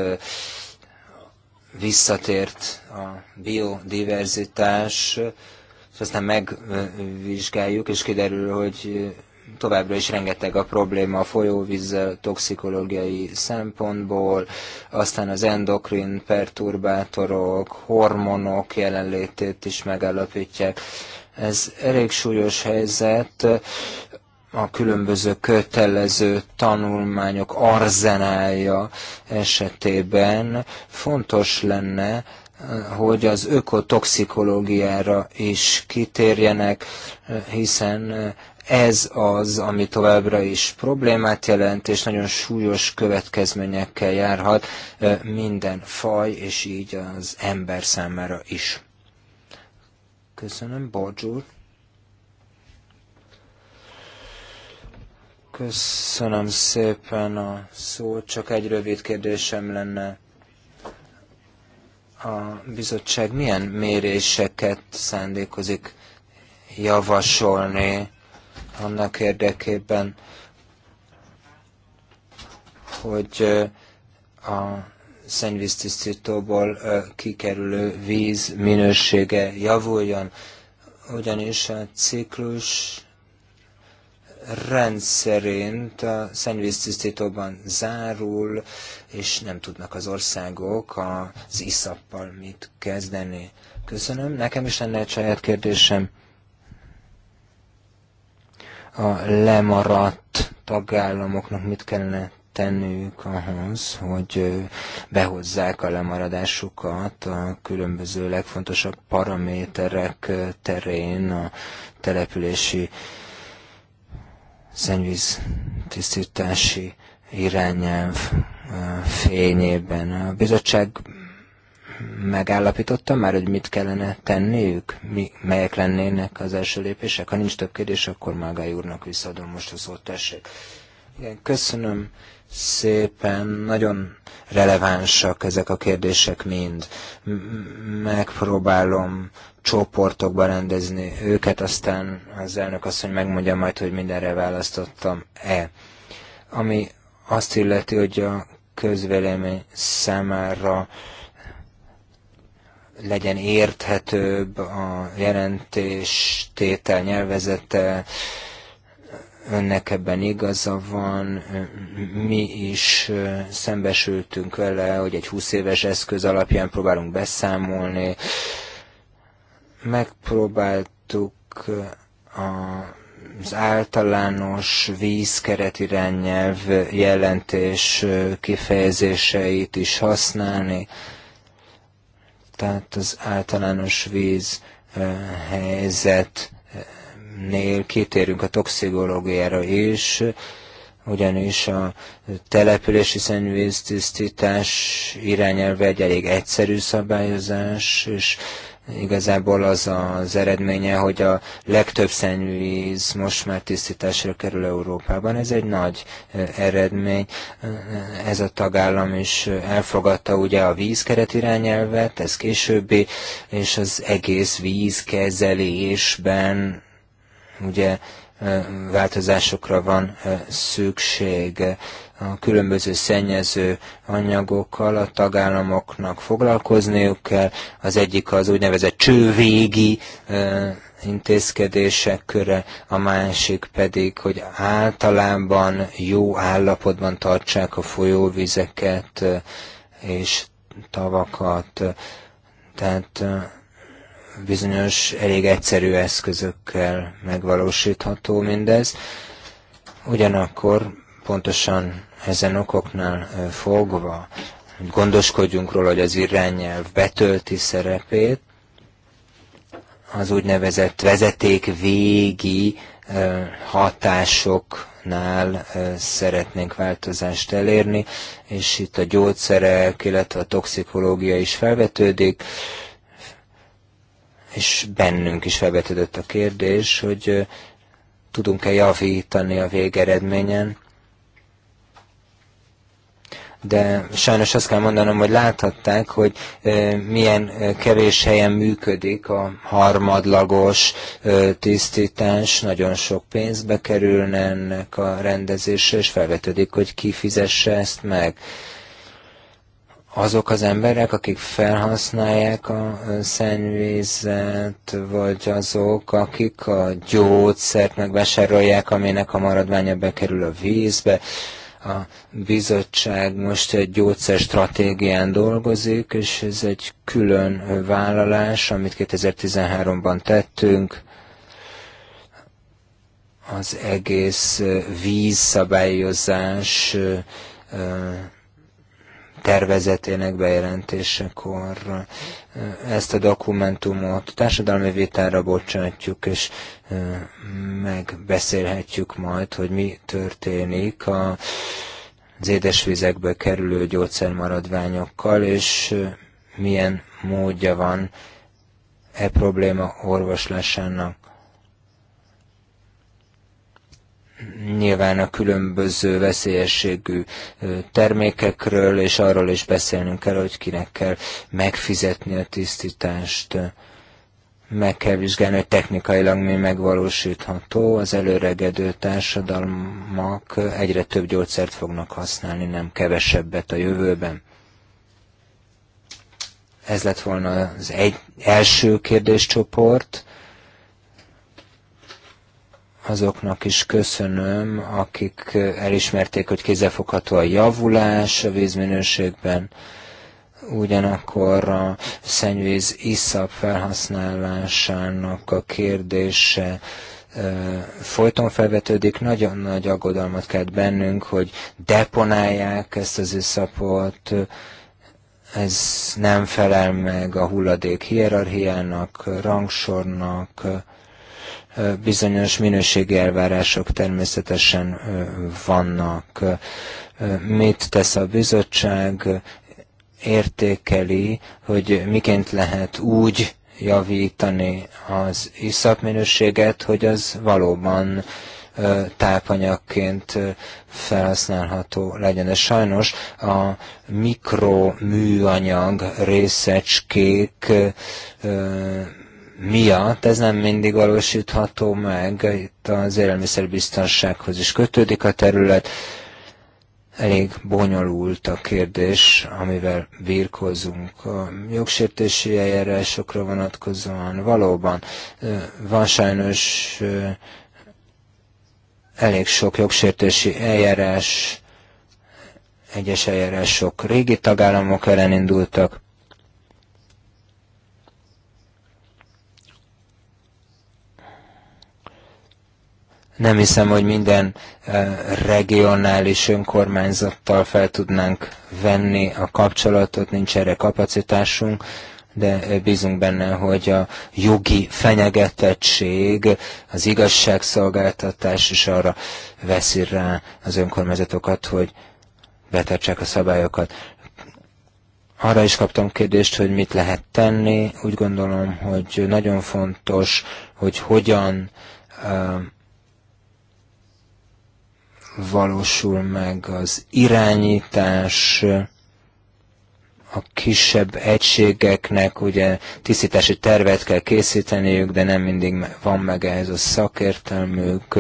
visszatért a biodiverzitás, és aztán megvizsgáljuk, és kiderül, hogy továbbra is rengeteg a probléma a folyóvízzel, toxikológiai szempontból, aztán az endokrin perturbátorok, hormonok jelenlétét is megállapítják. Ez elég súlyos helyzet a különböző kötelező tanulmányok arzenálja esetében fontos lenne, hogy az ökotoxikológiára is kitérjenek, hiszen ez az, ami továbbra is problémát jelent, és nagyon súlyos következményekkel járhat minden faj, és így az ember számára is. Köszönöm, Borgyúr. Köszönöm szépen a szót, csak egy rövid kérdésem lenne a bizottság milyen méréseket szándékozik javasolni annak érdekében, hogy a szennyvíztisztítóból kikerülő víz minősége javuljon, ugyanis a ciklus rendszerint a szennyvíztisztítóban zárul, és nem tudnak az országok az iszappal mit kezdeni. Köszönöm. Nekem is lenne egy saját kérdésem a lemaradt tagállamoknak mit kellene tenniük ahhoz, hogy behozzák a lemaradásukat a különböző legfontosabb paraméterek terén a települési szennyvíz tisztítási irányelv fényében. A bizottság megállapította már, hogy mit kellene tenniük? Mi, melyek lennének az első lépések? Ha nincs több kérdés, akkor Mágai úrnak visszaadom most a szót, tessék. Igen, köszönöm szépen, nagyon relevánsak ezek a kérdések mind. Megpróbálom csoportokba rendezni őket, aztán az elnök azt, hogy megmondja majd, hogy mindenre választottam-e. Ami azt illeti, hogy a közvélemény számára legyen érthetőbb a jelentés tétel nyelvezete, önnek ebben igaza van, mi is szembesültünk vele, hogy egy 20 éves eszköz alapján próbálunk beszámolni, megpróbáltuk az általános vízkeret irányelv jelentés kifejezéseit is használni, tehát az általános víz eh, helyzetnél kitérünk a toxikológiára is, ugyanis a települési szennyvíztisztítás irányelve egy elég egyszerű szabályozás, és Igazából az az eredménye, hogy a legtöbb szennyvíz most már tisztításra kerül Európában. Ez egy nagy eredmény. Ez a tagállam is elfogadta ugye a vízkeret irányelvet, ez későbbi, és az egész vízkezelésben ugye változásokra van szükség a különböző szennyező anyagokkal a tagállamoknak foglalkozniuk kell. Az egyik az úgynevezett csővégi intézkedések köre, a másik pedig, hogy általában jó állapotban tartsák a folyóvizeket és tavakat. Tehát bizonyos elég egyszerű eszközökkel megvalósítható mindez. Ugyanakkor pontosan ezen okoknál fogva gondoskodjunk róla, hogy az irányelv betölti szerepét, az úgynevezett vezeték végi hatásoknál szeretnénk változást elérni, és itt a gyógyszerek, illetve a toxikológia is felvetődik, és bennünk is felvetődött a kérdés, hogy tudunk-e javítani a végeredményen, de sajnos azt kell mondanom, hogy láthatták, hogy milyen kevés helyen működik a harmadlagos tisztítás, nagyon sok pénzbe kerülne ennek a rendezésre, és felvetődik, hogy ki fizesse ezt meg azok az emberek, akik felhasználják a szennyvízet, vagy azok, akik a gyógyszert megvásárolják, aminek a maradványa bekerül a vízbe. A bizottság most egy gyógyszerstratégián dolgozik, és ez egy külön vállalás, amit 2013-ban tettünk. Az egész vízszabályozás tervezetének bejelentésekor eh, ezt a dokumentumot társadalmi vitára bocsátjuk, és eh, megbeszélhetjük majd, hogy mi történik a az édesvizekbe kerülő gyógyszermaradványokkal, és eh, milyen módja van e probléma orvoslásának. nyilván a különböző veszélyességű termékekről, és arról is beszélnünk kell, hogy kinek kell megfizetni a tisztítást. Meg kell vizsgálni, hogy technikailag mi megvalósítható. Az előregedő társadalmak egyre több gyógyszert fognak használni, nem kevesebbet a jövőben. Ez lett volna az egy, első kérdéscsoport azoknak is köszönöm, akik elismerték, hogy kézzelfogható a javulás a vízminőségben, ugyanakkor a szennyvíz iszap felhasználásának a kérdése folyton felvetődik, nagyon nagy aggodalmat kelt bennünk, hogy deponálják ezt az iszapot, ez nem felel meg a hulladék hierarchiának, rangsornak, bizonyos minőségi elvárások természetesen vannak. Mit tesz a bizottság? Értékeli, hogy miként lehet úgy javítani az iszapminőséget, hogy az valóban tápanyagként felhasználható legyen. De sajnos a mikroműanyag részecskék miatt ez nem mindig valósítható meg, itt az élelmiszerbiztonsághoz is kötődik a terület. Elég bonyolult a kérdés, amivel birkozunk. A jogsértési eljárásokra vonatkozóan valóban van sajnos elég sok jogsértési eljárás, egyes eljárások régi tagállamok ellen indultak, Nem hiszem, hogy minden eh, regionális önkormányzattal fel tudnánk venni a kapcsolatot, nincs erre kapacitásunk, de eh, bízunk benne, hogy a jogi fenyegetettség, az igazságszolgáltatás is arra veszi rá az önkormányzatokat, hogy betartsák a szabályokat. Arra is kaptam kérdést, hogy mit lehet tenni. Úgy gondolom, hogy nagyon fontos, hogy hogyan eh, valósul meg az irányítás, a kisebb egységeknek ugye tisztítási tervet kell készíteniük, de nem mindig van meg ehhez a szakértelmük.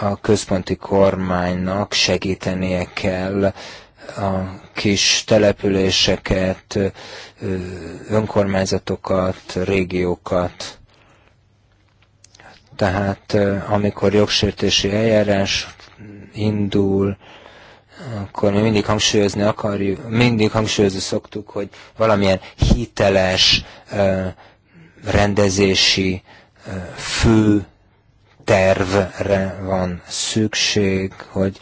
A központi kormánynak segítenie kell a kis településeket, önkormányzatokat, régiókat. Tehát amikor jogsértési eljárás indul, akkor mi mindig hangsúlyozni akarjuk, mindig hangsúlyozni szoktuk, hogy valamilyen hiteles rendezési fő tervre van szükség, hogy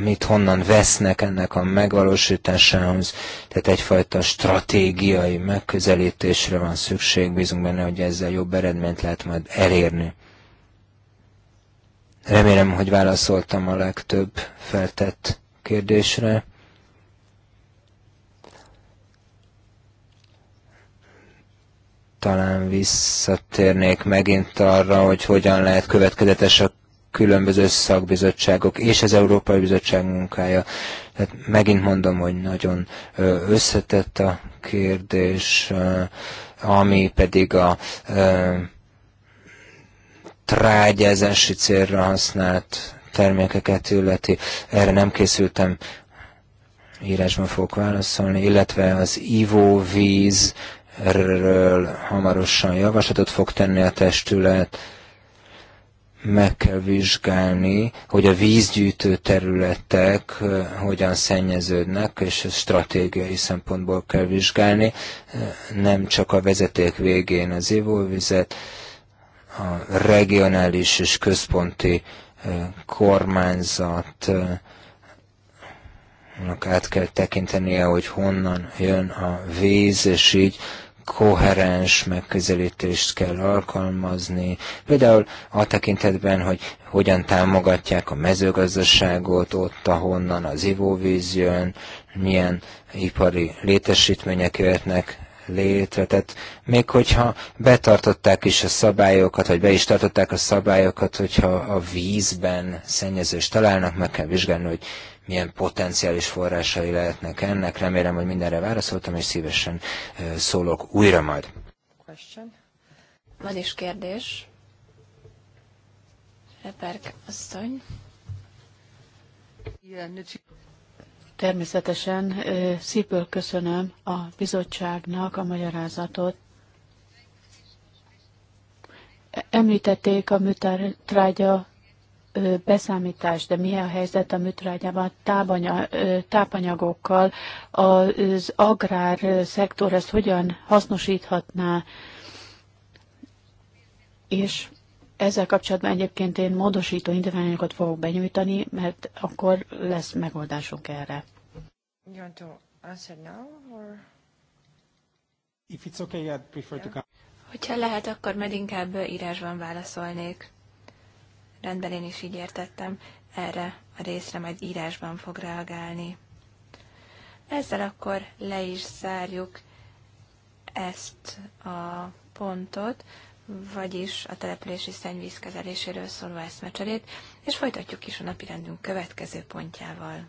mit honnan vesznek ennek a megvalósításához, tehát egyfajta stratégiai megközelítésre van szükség, bízunk benne, hogy ezzel jobb eredményt lehet majd elérni. Remélem, hogy válaszoltam a legtöbb feltett kérdésre. talán visszatérnék megint arra, hogy hogyan lehet következetes a különböző szakbizottságok és az Európai Bizottság munkája. Tehát megint mondom, hogy nagyon összetett a kérdés, ami pedig a trágyázási célra használt termékeket illeti. Erre nem készültem, írásban fogok válaszolni, illetve az ivóvízről hamarosan javaslatot fog tenni a testület, meg kell vizsgálni, hogy a vízgyűjtő területek hogyan szennyeződnek, és stratégiai szempontból kell vizsgálni, nem csak a vezeték végén az ivóvizet, a regionális és központi kormányzat át kell tekintenie, hogy honnan jön a víz, és így koherens megközelítést kell alkalmazni, például a tekintetben, hogy hogyan támogatják a mezőgazdaságot ott, ahonnan az ivóvíz jön, milyen ipari létesítmények jöhetnek létre. Tehát még hogyha betartották is a szabályokat, vagy be is tartották a szabályokat, hogyha a vízben szennyezést találnak, meg kell vizsgálni, hogy milyen potenciális forrásai lehetnek ennek. Remélem, hogy mindenre válaszoltam, és szívesen szólok újra majd. Van is kérdés. Reperk asszony. Természetesen szívből köszönöm a bizottságnak a magyarázatot. Említették a műtrágya beszámítás, de milyen a helyzet a műtrágyában tábanya, tápanyagokkal, az agrár szektor ezt hogyan hasznosíthatná, és ezzel kapcsolatban egyébként én módosító indítványokat fogok benyújtani, mert akkor lesz megoldásunk erre. Hogyha lehet, akkor meg inkább írásban válaszolnék. Rendben, én is így értettem. Erre a részre majd írásban fog reagálni. Ezzel akkor le is zárjuk ezt a pontot, vagyis a települési szennyvíz kezeléséről szóló eszmecserét, és folytatjuk is a napirendünk következő pontjával.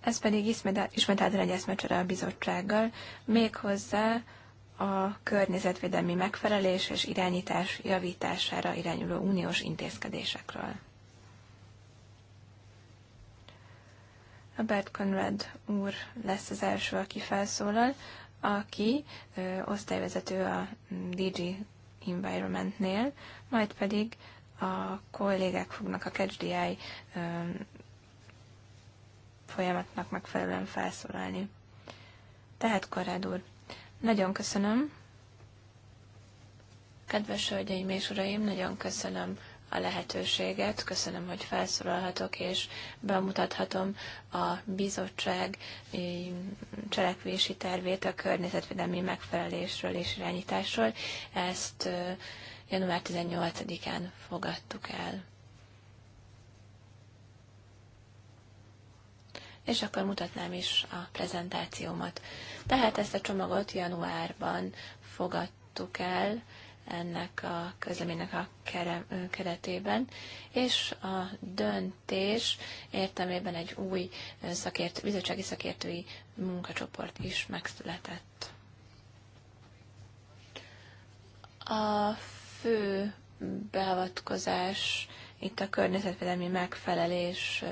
Ez pedig ismét, ismét egy eszmecsere a bizottsággal, méghozzá a környezetvédelmi megfelelés és irányítás javítására irányuló uniós intézkedésekről. A Bert Conrad úr lesz az első, aki felszólal, aki ö, osztályvezető a DG Environmentnél, majd pedig a kollégák fognak a CatchDI folyamatnak megfelelően felszólalni. Tehát Korrád úr, nagyon köszönöm. Kedves hölgyeim és uraim, nagyon köszönöm a lehetőséget, köszönöm, hogy felszólalhatok és bemutathatom a bizottság cselekvési tervét a környezetvédelmi megfelelésről és irányításról. Ezt január 18-án fogadtuk el. és akkor mutatnám is a prezentációmat. Tehát ezt a csomagot januárban fogadtuk el ennek a közleménynek a keretében, és a döntés értelmében egy új szakért, bizottsági szakértői munkacsoport is megszületett. A fő beavatkozás itt a környezetvédelmi megfelelés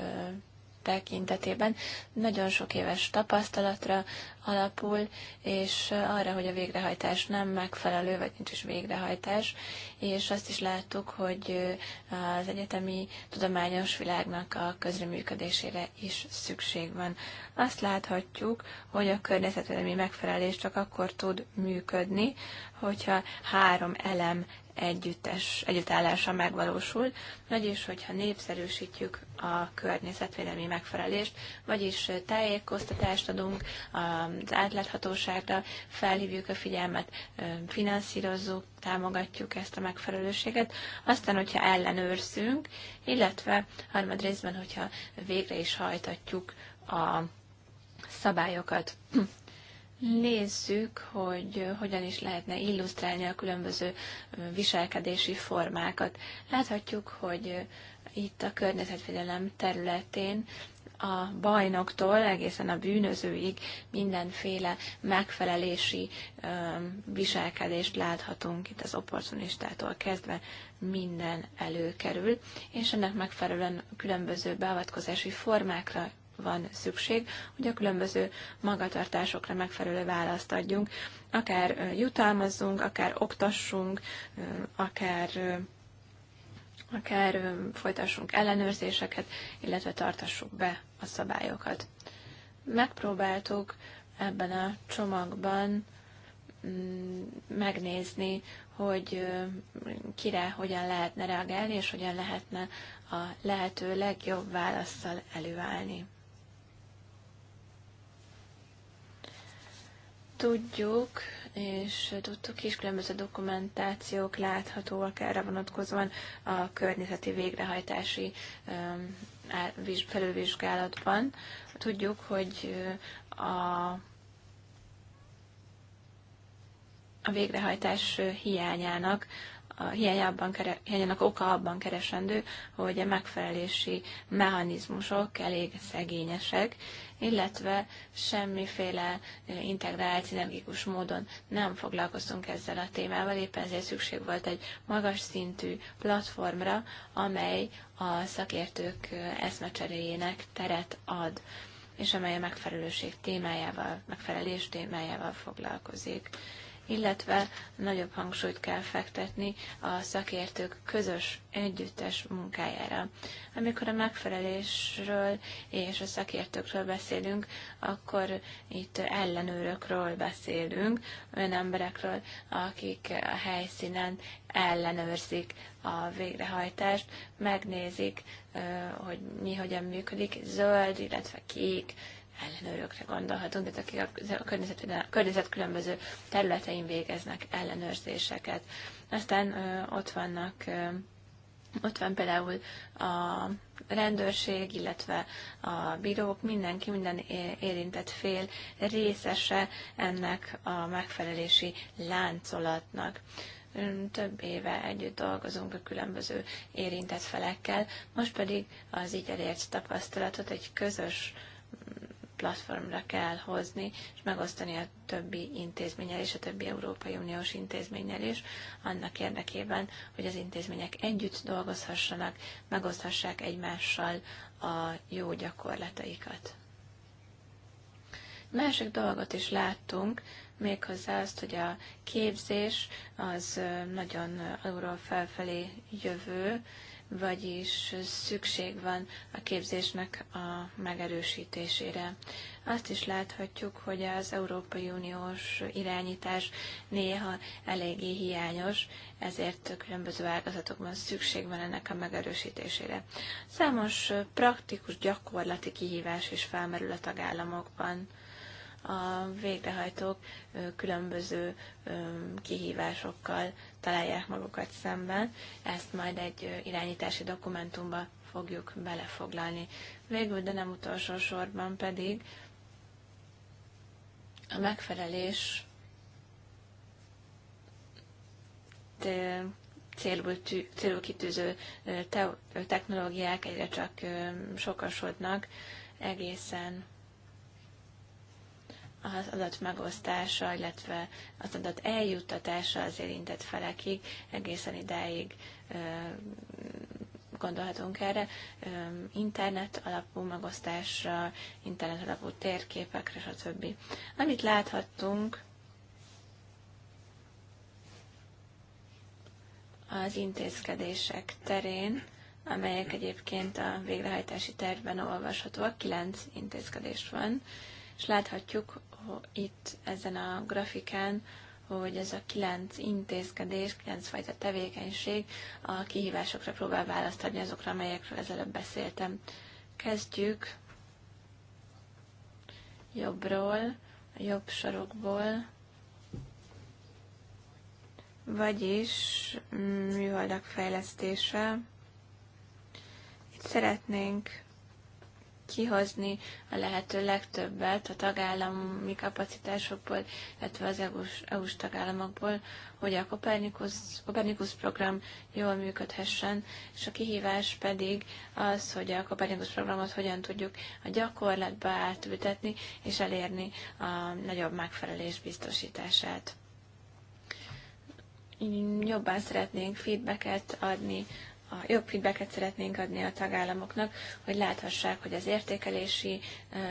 tekintetében nagyon sok éves tapasztalatra alapul, és arra, hogy a végrehajtás nem megfelelő, vagy nincs is végrehajtás, és azt is láttuk, hogy az egyetemi tudományos világnak a közreműködésére is szükség van. Azt láthatjuk, hogy a környezetvédelmi megfelelés csak akkor tud működni, hogyha három elem együttes, együttállása megvalósul, vagyis hogyha népszerűsítjük a környezetvédelmi megfelelést, vagyis tájékoztatást adunk az átláthatóságra, felhívjuk a figyelmet, finanszírozzuk, támogatjuk ezt a megfelelőséget, aztán, hogyha ellenőrzünk, illetve harmad részben, hogyha végre is hajtatjuk a szabályokat nézzük, hogy hogyan is lehetne illusztrálni a különböző viselkedési formákat. Láthatjuk, hogy itt a környezetvédelem területén a bajnoktól egészen a bűnözőig mindenféle megfelelési viselkedést láthatunk, itt az opportunistától kezdve minden előkerül, és ennek megfelelően különböző beavatkozási formákra van szükség, hogy a különböző magatartásokra megfelelő választ adjunk. Akár jutalmazzunk, akár oktassunk, akár akár folytassunk ellenőrzéseket, illetve tartassuk be a szabályokat. Megpróbáltuk ebben a csomagban mm, megnézni, hogy kire hogyan lehetne reagálni, és hogyan lehetne a lehető legjobb válaszsal előállni. tudjuk, és tudtuk is, különböző dokumentációk láthatóak erre vonatkozóan a környezeti végrehajtási felülvizsgálatban. Tudjuk, hogy a a végrehajtás hiányának a hiányában, hiányának oka abban keresendő, hogy a megfelelési mechanizmusok elég szegényesek, illetve semmiféle eh, integrált, energikus módon nem foglalkoztunk ezzel a témával, éppen ezért szükség volt egy magas szintű platformra, amely a szakértők eh, eszmecseréjének teret ad és amely a megfelelőség témájával, megfelelés témájával foglalkozik illetve nagyobb hangsúlyt kell fektetni a szakértők közös együttes munkájára. Amikor a megfelelésről és a szakértőkről beszélünk, akkor itt ellenőrökről beszélünk, olyan emberekről, akik a helyszínen ellenőrzik a végrehajtást, megnézik, hogy mi hogyan működik, zöld, illetve kék ellenőrökre gondolhatunk, tehát akik a környezet, a környezet különböző területein végeznek ellenőrzéseket. Aztán ö, ott vannak ö, ott van például a rendőrség, illetve a bírók, mindenki, minden érintett fél részese ennek a megfelelési láncolatnak több éve együtt dolgozunk a különböző érintett felekkel, most pedig az így elért tapasztalatot egy közös platformra kell hozni, és megosztani a többi intézménnyel és a többi Európai Uniós intézménnyel is, annak érdekében, hogy az intézmények együtt dolgozhassanak, megoszthassák egymással a jó gyakorlataikat. Másik dolgot is láttunk, méghozzá azt, hogy a képzés az nagyon alulról felfelé jövő, vagyis szükség van a képzésnek a megerősítésére. Azt is láthatjuk, hogy az Európai Uniós irányítás néha eléggé hiányos, ezért különböző ágazatokban szükség van ennek a megerősítésére. Számos praktikus gyakorlati kihívás is felmerül a tagállamokban a végrehajtók különböző kihívásokkal találják magukat szemben, ezt majd egy irányítási dokumentumba fogjuk belefoglalni. Végül, de nem utolsó sorban pedig a megfelelés célul, tű, célul kitűző te, technológiák egyre csak sokasodnak egészen az adat megosztása, illetve az adat eljuttatása az érintett felekig egészen ideig gondolhatunk erre, internet alapú megosztásra, internet alapú térképekre, stb. Amit láthattunk, az intézkedések terén, amelyek egyébként a végrehajtási tervben olvashatóak, kilenc intézkedés van, és láthatjuk, itt ezen a grafikán, hogy ez a kilenc intézkedés, kilenc fajta tevékenység a kihívásokra próbál választ adni azokra, amelyekről ezelőtt beszéltem. Kezdjük jobbról, a jobb sorokból, vagyis mm, műholdak fejlesztése. Itt szeretnénk kihozni a lehető legtöbbet a tagállami kapacitásokból, illetve az EU-s, eu tagállamokból, hogy a Copernicus, Copernicus program jól működhessen, és a kihívás pedig az, hogy a Copernicus programot hogyan tudjuk a gyakorlatba átültetni és elérni a nagyobb megfelelés biztosítását jobban szeretnénk feedbacket adni a jobb feedbacket szeretnénk adni a tagállamoknak, hogy láthassák, hogy az értékelési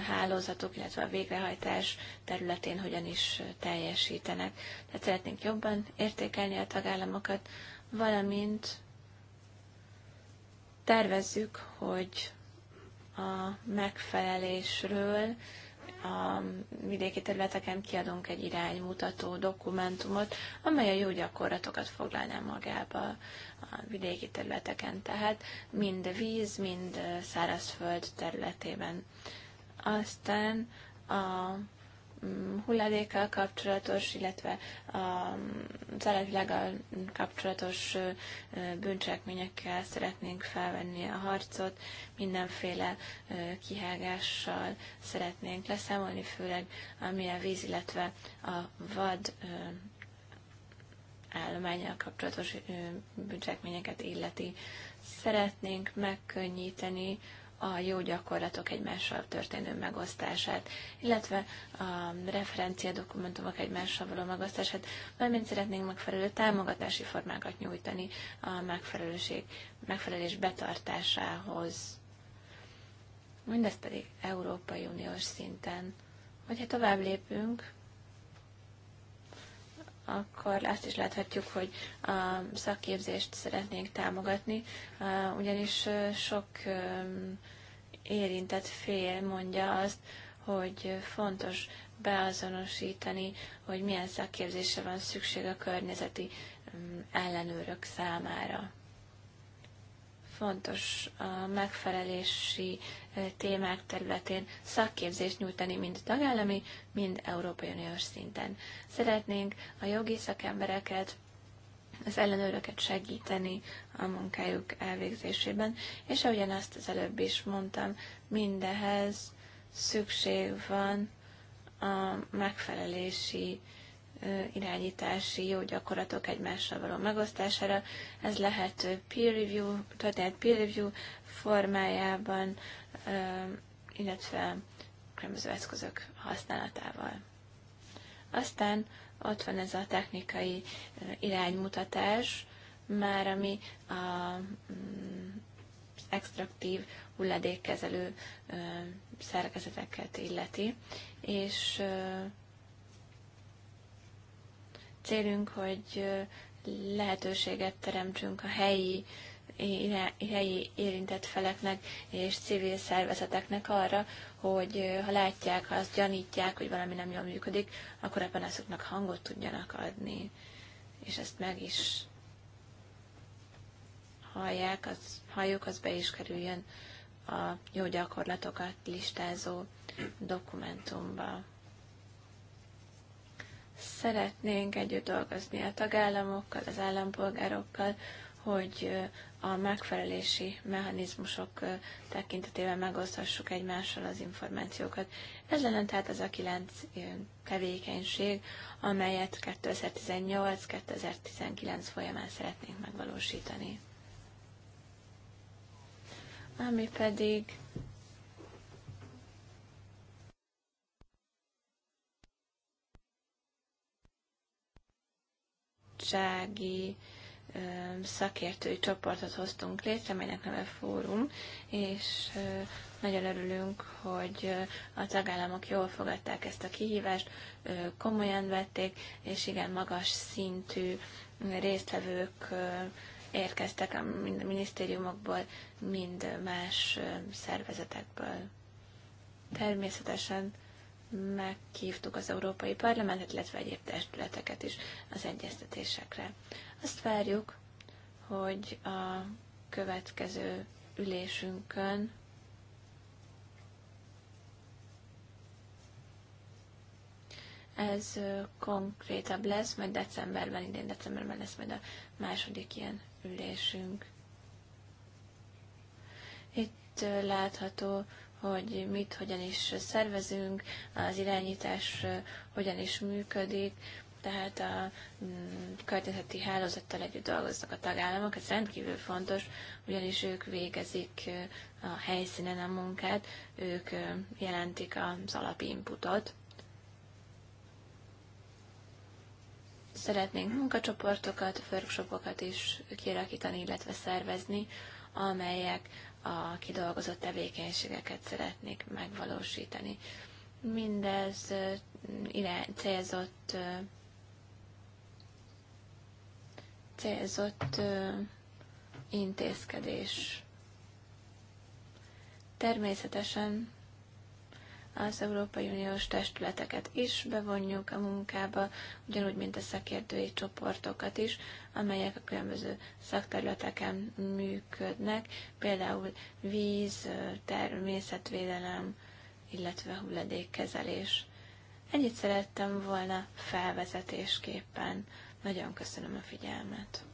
hálózatok, illetve a végrehajtás területén hogyan is teljesítenek. Tehát szeretnénk jobban értékelni a tagállamokat, valamint tervezzük, hogy a megfelelésről a vidéki területeken kiadunk egy iránymutató dokumentumot, amely a jó gyakorlatokat foglalná magába a vidéki területeken, tehát mind víz, mind szárazföld területében. Aztán a hulladékkal kapcsolatos, illetve a állatvilággal kapcsolatos bűncselekményekkel szeretnénk felvenni a harcot, mindenféle kihágással szeretnénk leszámolni, főleg ami a víz, illetve a vad állományjal kapcsolatos bűncselekményeket illeti. Szeretnénk megkönnyíteni a jó gyakorlatok egymással történő megosztását, illetve a referencia dokumentumok egymással való megosztását, valamint szeretnénk megfelelő támogatási formákat nyújtani a megfelelőség, megfelelés betartásához. Mindez pedig Európai Uniós szinten. Hogyha tovább lépünk, akkor azt is láthatjuk, hogy a szakképzést szeretnénk támogatni, ugyanis sok érintett fél mondja azt, hogy fontos beazonosítani, hogy milyen szakképzésre van szükség a környezeti mm, ellenőrök számára fontos a megfelelési témák területén szakképzést nyújtani mind tagállami, mind Európai Uniós szinten. Szeretnénk a jogi szakembereket, az ellenőröket segíteni a munkájuk elvégzésében, és ahogyan azt az előbb is mondtam, mindehez szükség van a megfelelési irányítási jó gyakorlatok egymással való megosztására. Ez lehet peer review, történet peer review formájában, illetve különböző eszközök használatával. Aztán ott van ez a technikai iránymutatás, már ami a mm, extraktív hulladékkezelő szerkezeteket illeti, és célunk, hogy lehetőséget teremtsünk a helyi helyi érintett feleknek és civil szervezeteknek arra, hogy ha látják, ha azt gyanítják, hogy valami nem jól működik, akkor ebben azoknak hangot tudjanak adni. És ezt meg is hallják, az, halljuk, az be is kerüljön a jó gyakorlatokat listázó dokumentumba. Szeretnénk együtt dolgozni a tagállamokkal, az állampolgárokkal, hogy a megfelelési mechanizmusok tekintetében megoszthassuk egymással az információkat. Ez lenne tehát az a kilenc tevékenység, amelyet 2018-2019 folyamán szeretnénk megvalósítani. Ami pedig bizottsági szakértői csoportot hoztunk létre, melynek neve Fórum, és nagyon örülünk, hogy a tagállamok jól fogadták ezt a kihívást, komolyan vették, és igen, magas szintű résztvevők érkeztek a minisztériumokból, mind más szervezetekből. Természetesen meghívtuk az Európai Parlamentet, illetve egyéb testületeket is az egyeztetésekre. Azt várjuk, hogy a következő ülésünkön ez konkrétabb lesz, majd decemberben, idén decemberben lesz majd a második ilyen ülésünk. Itt látható, hogy mit, hogyan is szervezünk, az irányítás hogyan is működik, tehát a mm, környezeti hálózattal együtt dolgoznak a tagállamok, ez rendkívül fontos, ugyanis ők végezik a helyszínen a munkát, ők jelentik az alapinputot. Szeretnénk munkacsoportokat, workshopokat is kialakítani, illetve szervezni, amelyek a kidolgozott tevékenységeket szeretnék megvalósítani. Mindez irány, célzott, célzott intézkedés. Természetesen az Európai Uniós testületeket is bevonjuk a munkába, ugyanúgy, mint a szakértői csoportokat is, amelyek a különböző szakterületeken működnek, például víz, természetvédelem, illetve hulladékkezelés. Ennyit szerettem volna felvezetésképpen. Nagyon köszönöm a figyelmet.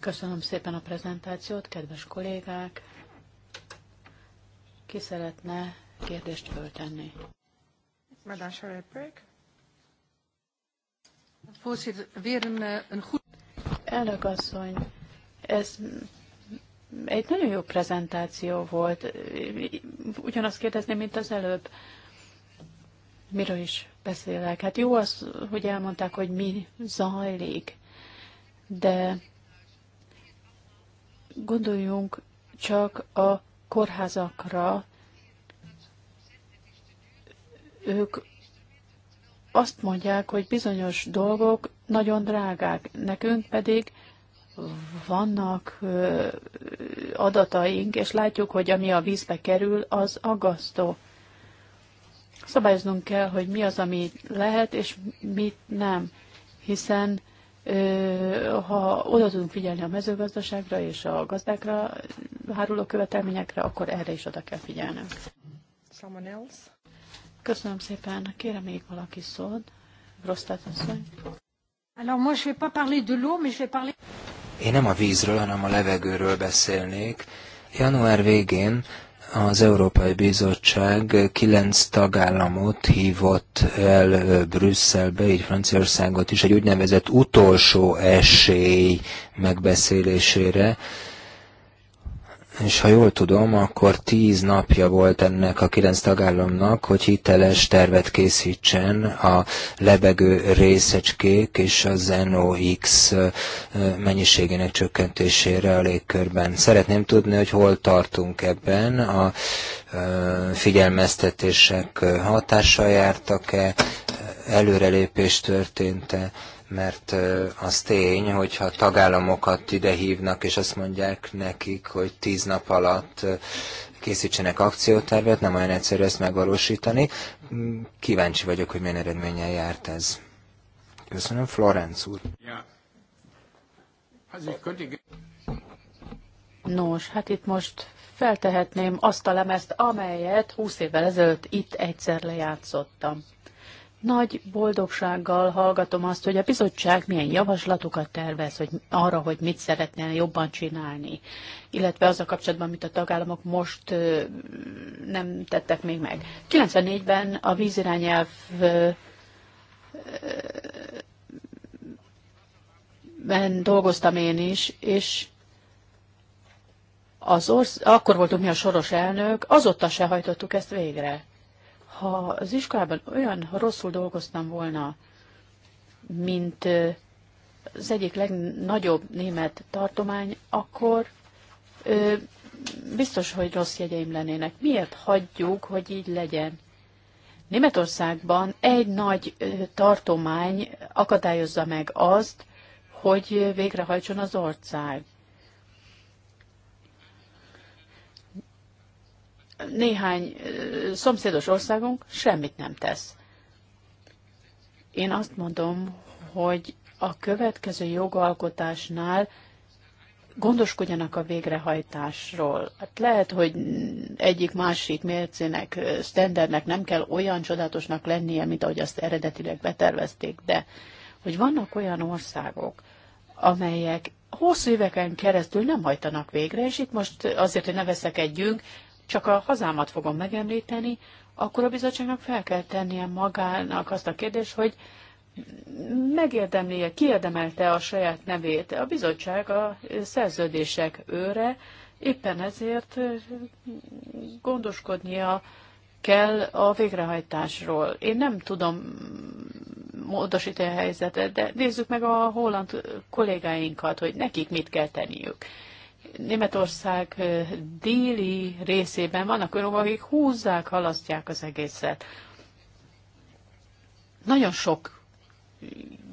Köszönöm szépen a prezentációt, kedves kollégák. Ki szeretne kérdést föltenni? Eh, Elnök asszony, ez egy nagyon jó prezentáció volt. Ugyanazt kérdezném, mint az előbb. Miről is beszélek. Hát jó az, hogy elmondták, hogy mi zajlik, de gondoljunk csak a kórházakra. Ők azt mondják, hogy bizonyos dolgok nagyon drágák, nekünk pedig vannak adataink, és látjuk, hogy ami a vízbe kerül, az aggasztó. Szabályoznunk kell, hogy mi az, ami lehet, és mit nem, hiszen ha oda tudunk figyelni a mezőgazdaságra és a gazdákra háruló követelményekre, akkor erre is oda kell figyelnünk. Köszönöm szépen. Kérem még valaki szót. Rosztát asszony. Én nem a vízről, hanem a levegőről beszélnék. Január végén az Európai Bizottság kilenc tagállamot hívott el Brüsszelbe, így Franciaországot is, egy úgynevezett utolsó esély megbeszélésére, és ha jól tudom, akkor tíz napja volt ennek a kilenc tagállamnak, hogy hiteles tervet készítsen a lebegő részecskék és az NOx mennyiségének csökkentésére a légkörben. Szeretném tudni, hogy hol tartunk ebben, a figyelmeztetések hatással jártak-e, előrelépés történt-e, mert az tény, hogyha tagállamokat ide hívnak, és azt mondják nekik, hogy tíz nap alatt készítsenek akciótervet, nem olyan egyszerű ezt megvalósítani. Mm, kíváncsi vagyok, hogy milyen eredménnyel járt ez. Köszönöm, Florenc úr. Nos, hát itt most feltehetném azt a lemezt, amelyet 20 évvel ezelőtt itt egyszer lejátszottam. Nagy boldogsággal hallgatom azt, hogy a bizottság milyen javaslatokat tervez hogy arra, hogy mit szeretne jobban csinálni, illetve az a kapcsolatban, amit a tagállamok most nem tettek még meg. 94-ben a vízirányelv ben dolgoztam én is, és az orsz- akkor voltunk mi a soros elnök, azóta se hajtottuk ezt végre ha az iskolában olyan rosszul dolgoztam volna, mint az egyik legnagyobb német tartomány, akkor ö, biztos, hogy rossz jegyeim lennének. Miért hagyjuk, hogy így legyen? Németországban egy nagy tartomány akadályozza meg azt, hogy végrehajtson az ország. néhány szomszédos országunk semmit nem tesz. Én azt mondom, hogy a következő jogalkotásnál gondoskodjanak a végrehajtásról. Hát lehet, hogy egyik másik mércének, sztendernek nem kell olyan csodálatosnak lennie, mint ahogy azt eredetileg betervezték, de hogy vannak olyan országok, amelyek hosszú éveken keresztül nem hajtanak végre, és itt most azért, hogy ne veszekedjünk, csak a hazámat fogom megemlíteni, akkor a bizottságnak fel kell tennie magának azt a kérdést, hogy megérdemlie, kiérdemelte a saját nevét. A bizottság a szerződések őre, éppen ezért gondoskodnia kell a végrehajtásról. Én nem tudom módosítani a helyzetet, de nézzük meg a holland kollégáinkat, hogy nekik mit kell tenniük. Németország déli részében vannak önök, akik húzzák, halasztják az egészet. Nagyon sok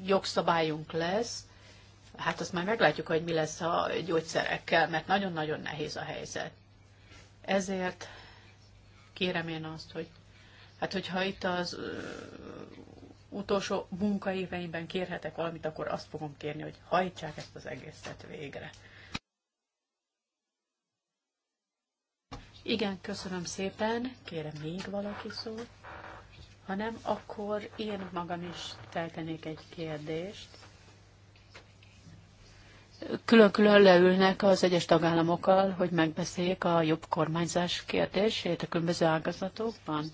jogszabályunk lesz, hát azt már meglátjuk, hogy mi lesz a gyógyszerekkel, mert nagyon-nagyon nehéz a helyzet. Ezért kérem én azt, hogy hát hogyha itt az utolsó munkaéveimben kérhetek valamit, akkor azt fogom kérni, hogy hajtsák ezt az egészet végre. Igen, köszönöm szépen. Kérem, még valaki szól? Ha nem, akkor én magam is feltennék egy kérdést. Külön-külön leülnek az egyes tagállamokkal, hogy megbeszéljék a jobb kormányzás kérdését a különböző ágazatokban.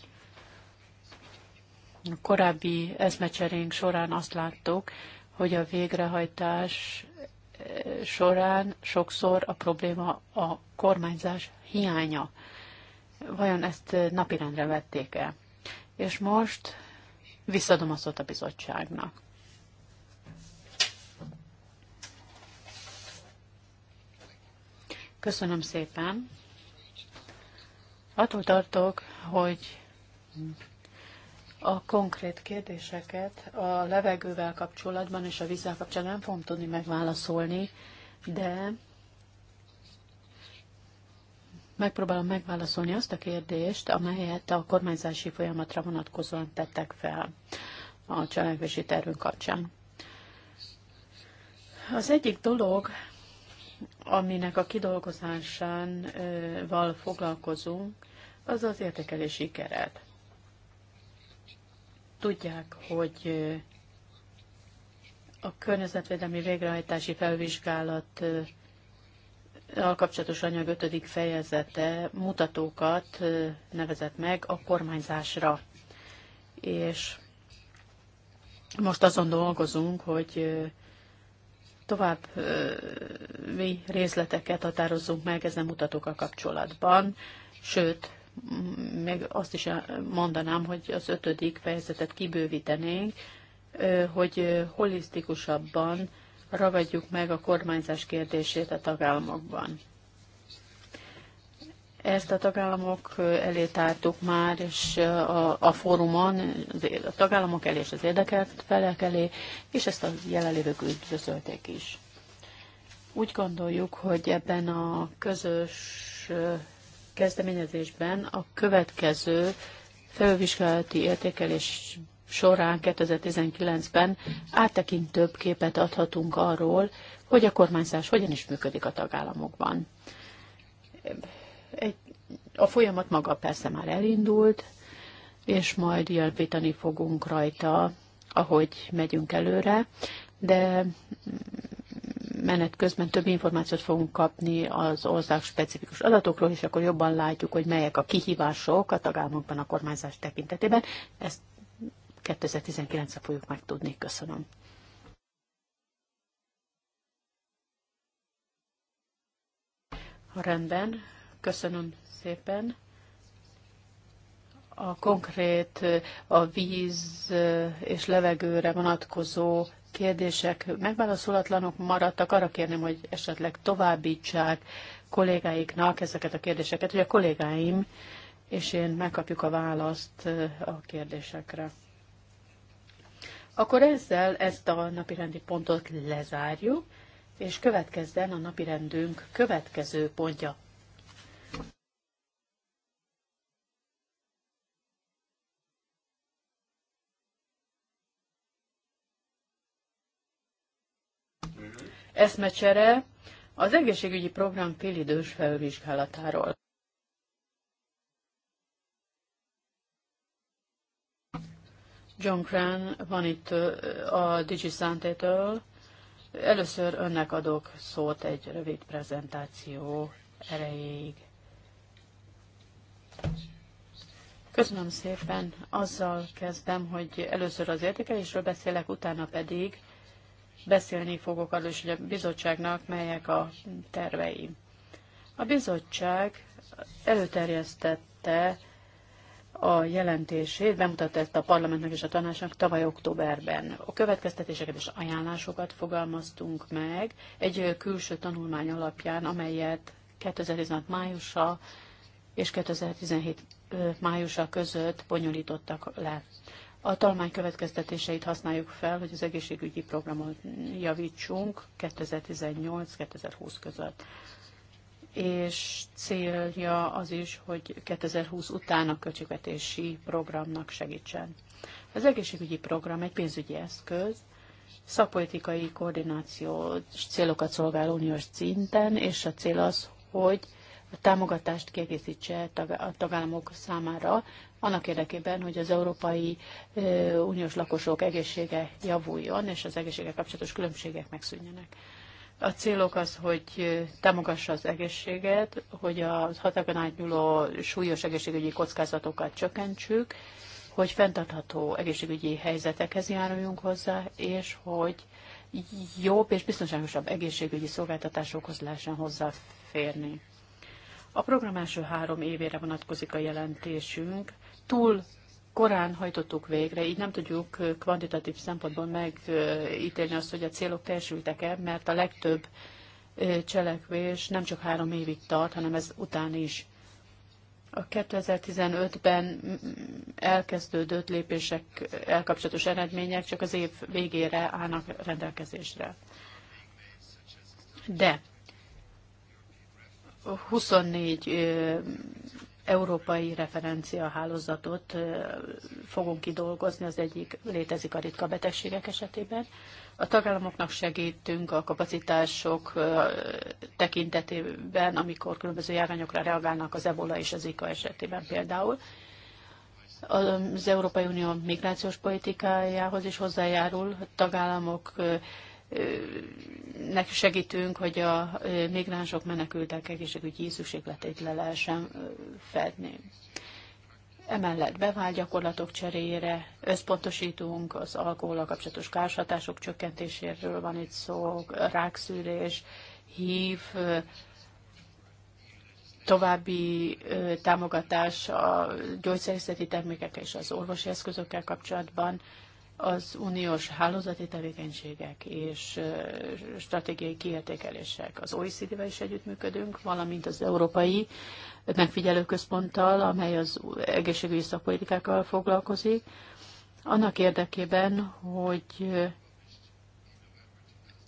A korábbi eszmecserénk során azt láttuk, hogy a végrehajtás során sokszor a probléma a kormányzás hiánya. Vajon ezt napirendre vették-e? És most visszadom a szót a bizottságnak. Köszönöm szépen. Attól tartok, hogy a konkrét kérdéseket a levegővel kapcsolatban és a vízzel kapcsolatban nem fogom tudni megválaszolni, de megpróbálom megválaszolni azt a kérdést, amelyet a kormányzási folyamatra vonatkozóan tettek fel a cselekvési tervünk kapcsán. Az egyik dolog, aminek a kidolgozásánval foglalkozunk, az az értékelési keret. Tudják, hogy a környezetvédelmi végrehajtási felvizsgálat alkapcsolatos anyag 5. fejezete mutatókat nevezett meg a kormányzásra. És most azon dolgozunk, hogy tovább mi részleteket határozzunk meg ezen mutatókkal kapcsolatban, sőt, még azt is mondanám, hogy az ötödik fejezetet kibővítenénk, hogy holisztikusabban ragadjuk meg a kormányzás kérdését a tagállamokban. Ezt a tagállamok elé tártuk már, és a, a fórumon, a tagállamok elé és az érdekelt felek elé, és ezt a jelenlévők üdvözölték is. Úgy gondoljuk, hogy ebben a közös kezdeményezésben a következő felvizsgálati értékelés során 2019-ben áttekintőbb képet adhatunk arról, hogy a kormányzás hogyan is működik a tagállamokban. Egy, a folyamat maga persze már elindult, és majd javítani fogunk rajta, ahogy megyünk előre, de menet közben több információt fogunk kapni az ország specifikus adatokról, és akkor jobban látjuk, hogy melyek a kihívások a tagállamokban a kormányzás tekintetében. Ezt 2019-re fogjuk megtudni. Köszönöm. Rendben, köszönöm szépen a konkrét a víz és levegőre vonatkozó kérdések megválaszolatlanok maradtak. Arra kérném, hogy esetleg továbbítsák kollégáiknak ezeket a kérdéseket, hogy a kollégáim és én megkapjuk a választ eh, a kérdésekre. Akkor ezzel ezt a napirendi pontot lezárjuk, és következzen a napirendünk következő pontja. eszmecsere az egészségügyi program félidős felvizsgálatáról. John Cran van itt a DigiSante-től. Először önnek adok szót egy rövid prezentáció erejéig. Köszönöm szépen. Azzal kezdem, hogy először az értékelésről beszélek, utána pedig beszélni fogok arról is, hogy a bizottságnak melyek a tervei. A bizottság előterjesztette a jelentését, bemutatta ezt a parlamentnek és a tanácsnak tavaly októberben. A következtetéseket és ajánlásokat fogalmaztunk meg egy külső tanulmány alapján, amelyet 2016 májusa és 2017 májusa között bonyolítottak le. A talmány következtetéseit használjuk fel, hogy az egészségügyi programot javítsunk 2018-2020 között. És célja az is, hogy 2020 után a költségvetési programnak segítsen. Az egészségügyi program egy pénzügyi eszköz, szakpolitikai koordinációs célokat szolgál uniós szinten, és a cél az, hogy a támogatást kiegészítse a tagállamok számára, annak érdekében, hogy az Európai Uniós lakosok egészsége javuljon, és az egészsége kapcsolatos különbségek megszűnjenek. A célok az, hogy támogassa az egészséget, hogy a határokon átnyúló súlyos egészségügyi kockázatokat csökkentsük, hogy fenntartható egészségügyi helyzetekhez járuljunk hozzá, és hogy jobb és biztonságosabb egészségügyi szolgáltatásokhoz lehessen hozzáférni. A program első három évére vonatkozik a jelentésünk, túl korán hajtottuk végre, így nem tudjuk kvantitatív szempontból megítélni azt, hogy a célok teljesültek-e, mert a legtöbb cselekvés nem csak három évig tart, hanem ez után is. A 2015-ben elkezdődött lépések, elkapcsolatos eredmények csak az év végére állnak rendelkezésre. De 24 európai referenciahálózatot fogunk kidolgozni, az egyik létezik a ritka betegségek esetében. A tagállamoknak segítünk a kapacitások tekintetében, amikor különböző járványokra reagálnak az ebola és az ika esetében például. Az Európai Unió migrációs politikájához is hozzájárul, a tagállamok nek segítünk, hogy a migránsok menekültek egészségügyi szükségletét le lehessen fedni. Emellett bevált gyakorlatok cseréjére összpontosítunk, az alkohol kapcsolatos kársatások csökkentéséről van itt szó, rákszűrés, hív, további támogatás a gyógyszerészeti termékekkel és az orvosi eszközökkel kapcsolatban, az uniós hálózati tevékenységek és stratégiai kiértékelések. Az OECD-vel is együttműködünk, valamint az Európai Megfigyelőközponttal, amely az egészségügyi szakpolitikákkal foglalkozik, annak érdekében, hogy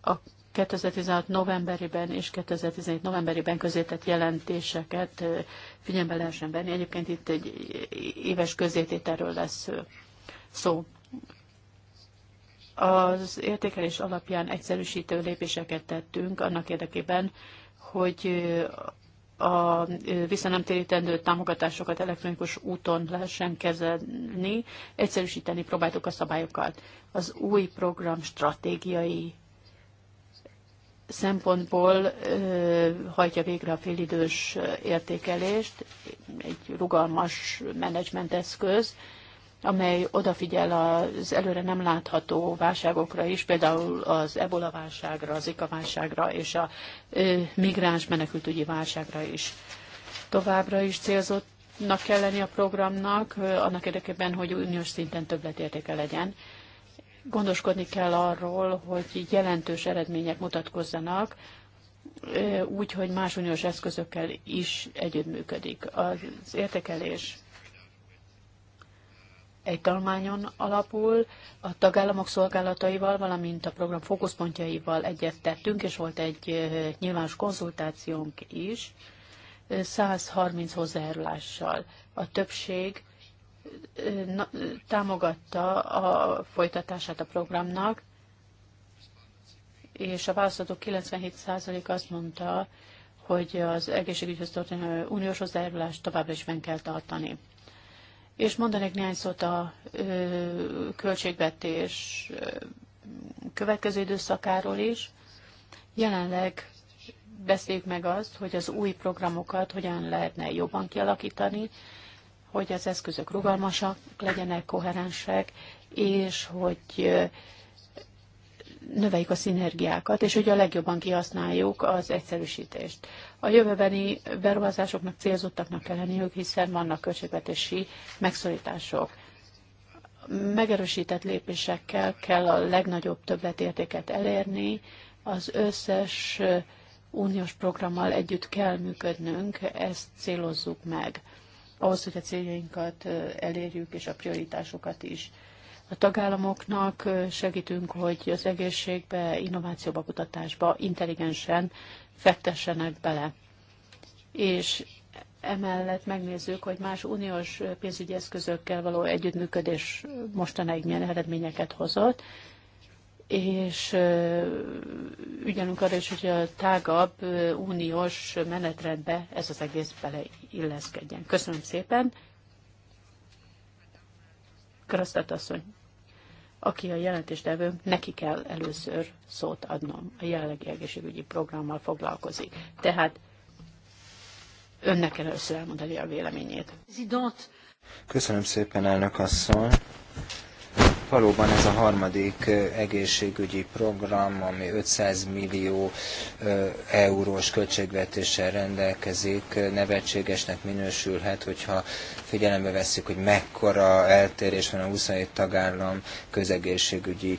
a 2016 novemberében és 2017 novemberében közétett jelentéseket figyelembe lehessen venni. Egyébként itt egy éves közététerről lesz szó. Az értékelés alapján egyszerűsítő lépéseket tettünk annak érdekében, hogy a visszanemtérítendő támogatásokat elektronikus úton lehessen kezelni, egyszerűsíteni próbáltuk a szabályokat. Az új program stratégiai szempontból ö, hajtja végre a félidős értékelést, egy rugalmas menedzsment eszköz, amely odafigyel az előre nem látható válságokra is, például az ebola válságra, az ika válságra és a migráns menekültügyi válságra is. Továbbra is célzottnak kell lenni a programnak, annak érdekében, hogy uniós szinten többletértéke legyen. Gondoskodni kell arról, hogy jelentős eredmények mutatkozzanak, úgy, hogy más uniós eszközökkel is együttműködik. Az értékelés egy tanulmányon alapul, a tagállamok szolgálataival, valamint a program fókuszpontjaival egyeztettünk, és volt egy nyilvános konzultációnk is, 130 hozzájárulással. A többség támogatta a folytatását a programnak, és a választatók 97% azt mondta, hogy az egészségügyhöz történő uniós hozzájárulást továbbra is meg kell tartani. És mondanék néhány szót a ö, költségvetés következő időszakáról is. Jelenleg beszéljük meg azt, hogy az új programokat hogyan lehetne jobban kialakítani, hogy az eszközök rugalmasak legyenek, koherensek, és hogy növeljük a szinergiákat, és hogy a legjobban kihasználjuk az egyszerűsítést a jövőbeni beruházásoknak célzottaknak kell lenniük, hiszen vannak költségvetési megszorítások. Megerősített lépésekkel kell a legnagyobb többletértéket elérni, az összes uniós programmal együtt kell működnünk, ezt célozzuk meg. Ahhoz, hogy a céljainkat elérjük, és a prioritásokat is. A tagállamoknak segítünk, hogy az egészségbe, innovációba, kutatásba intelligensen fektessenek bele. És emellett megnézzük, hogy más uniós pénzügyi eszközökkel való együttműködés mostanáig milyen eredményeket hozott, és ügyelünk arra is, hogy a tágabb uniós menetrendbe ez az egész beleilleszkedjen. Köszönöm szépen. Krasztat asszony aki a jelentéstevő, neki kell először szót adnom. A jelenlegi egészségügyi programmal foglalkozik. Tehát önnek kell először elmondani a véleményét. Köszönöm szépen, elnök asszony. Valóban ez a harmadik egészségügyi program, ami 500 millió eurós költségvetéssel rendelkezik, nevetségesnek minősülhet, hogyha figyelembe vesszük, hogy mekkora eltérés van a 27 tagállam közegészségügyi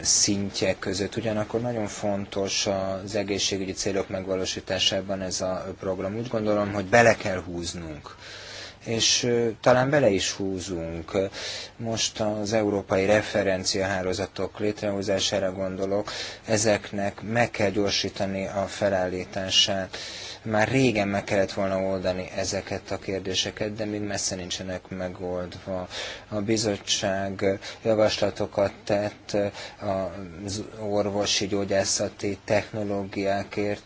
szintje között. Ugyanakkor nagyon fontos az egészségügyi célok megvalósításában ez a program. Úgy gondolom, hogy bele kell húznunk és talán bele is húzunk. Most az európai referenciahározatok létrehozására gondolok, ezeknek meg kell gyorsítani a felállítását. Már régen meg kellett volna oldani ezeket a kérdéseket, de még messze nincsenek megoldva. A bizottság javaslatokat tett az orvosi gyógyászati technológiákért,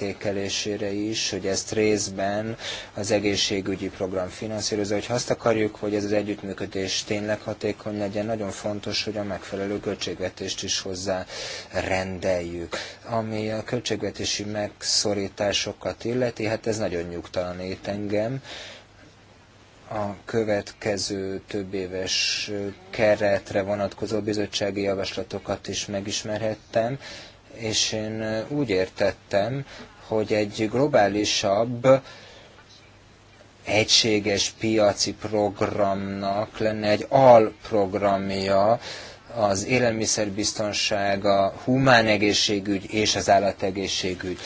értékelésére is, hogy ezt részben az egészségügyi program finanszírozza, hogy azt akarjuk, hogy ez az együttműködés tényleg hatékony legyen, nagyon fontos, hogy a megfelelő költségvetést is hozzá rendeljük. Ami a költségvetési megszorításokat illeti, hát ez nagyon nyugtalanít engem, a következő több éves keretre vonatkozó bizottsági javaslatokat is megismerhettem, és én úgy értettem, hogy egy globálisabb, egységes piaci programnak lenne egy alprogramja, az élelmiszerbiztonság, a humán egészségügy és az állategészségügy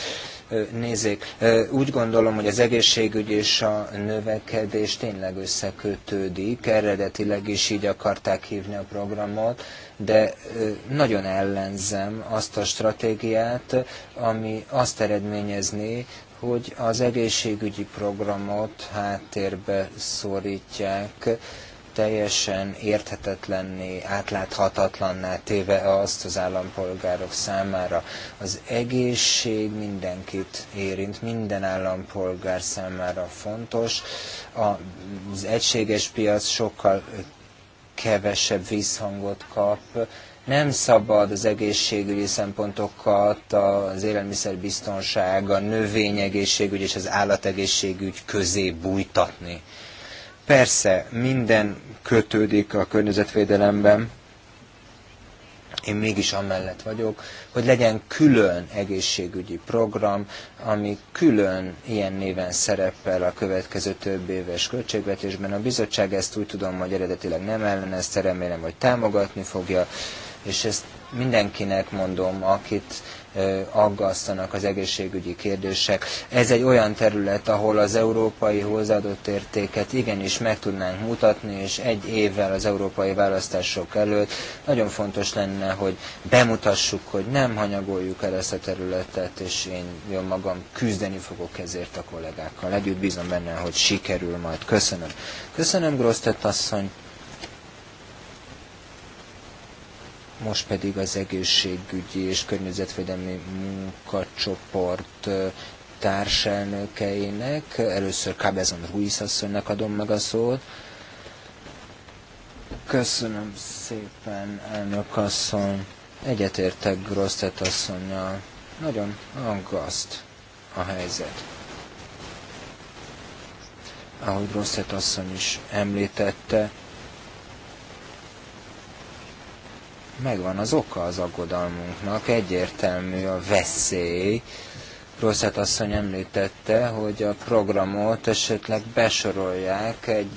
nézzék, úgy gondolom, hogy az egészségügy és a növekedés tényleg összekötődik, eredetileg is így akarták hívni a programot, de nagyon ellenzem azt a stratégiát, ami azt eredményezni, hogy az egészségügyi programot háttérbe szorítják, teljesen érthetetlenné, átláthatatlanná téve azt az állampolgárok számára. Az egészség mindenkit érint, minden állampolgár számára fontos. Az egységes piac sokkal kevesebb visszhangot kap, nem szabad az egészségügyi szempontokat, az élelmiszerbiztonság, a növényegészségügy és az állategészségügy közé bújtatni. Persze, minden kötődik a környezetvédelemben, én mégis amellett vagyok, hogy legyen külön egészségügyi program, ami külön ilyen néven szerepel a következő több éves költségvetésben. A bizottság ezt úgy tudom, hogy eredetileg nem ellenezte, remélem, hogy támogatni fogja, és ezt mindenkinek mondom, akit aggasztanak az egészségügyi kérdések. Ez egy olyan terület, ahol az európai hozzáadott értéket igenis meg tudnánk mutatni, és egy évvel az európai választások előtt nagyon fontos lenne, hogy bemutassuk, hogy nem hanyagoljuk el ezt a területet, és én jól magam küzdeni fogok ezért a kollégákkal. Együtt bízom benne, hogy sikerül majd. Köszönöm. Köszönöm, Grosztett asszony. Most pedig az egészségügyi és környezetvédelmi munkacsoport társelnökeinek, először Cabezon Ruiz asszonynak adom meg a szót. Köszönöm szépen, elnök asszony. Egyetértek Grosztet asszonynal. Nagyon aggaszt a helyzet. Ahogy Grosztet asszony is említette, megvan az oka az aggodalmunknak, egyértelmű a veszély. Rosszát asszony említette, hogy a programot esetleg besorolják egy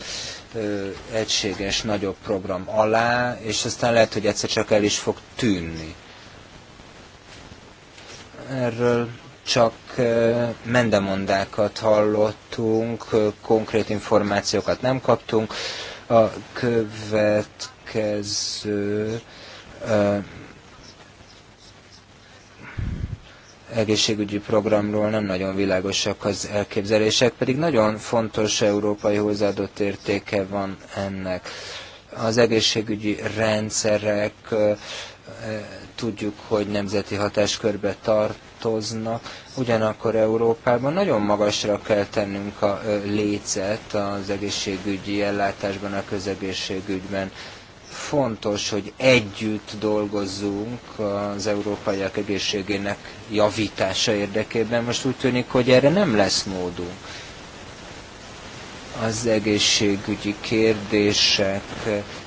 ö, egységes, nagyobb program alá, és aztán lehet, hogy egyszer csak el is fog tűnni. Erről csak mendemondákat hallottunk, konkrét információkat nem kaptunk. A következő egészségügyi programról nem nagyon világosak az elképzelések, pedig nagyon fontos európai hozzáadott értéke van ennek. Az egészségügyi rendszerek tudjuk, hogy nemzeti hatáskörbe tartoznak, ugyanakkor Európában nagyon magasra kell tennünk a lécet az egészségügyi ellátásban, a közegészségügyben. Fontos, hogy együtt dolgozzunk az európaiak egészségének javítása érdekében. Most úgy tűnik, hogy erre nem lesz módunk. Az egészségügyi kérdések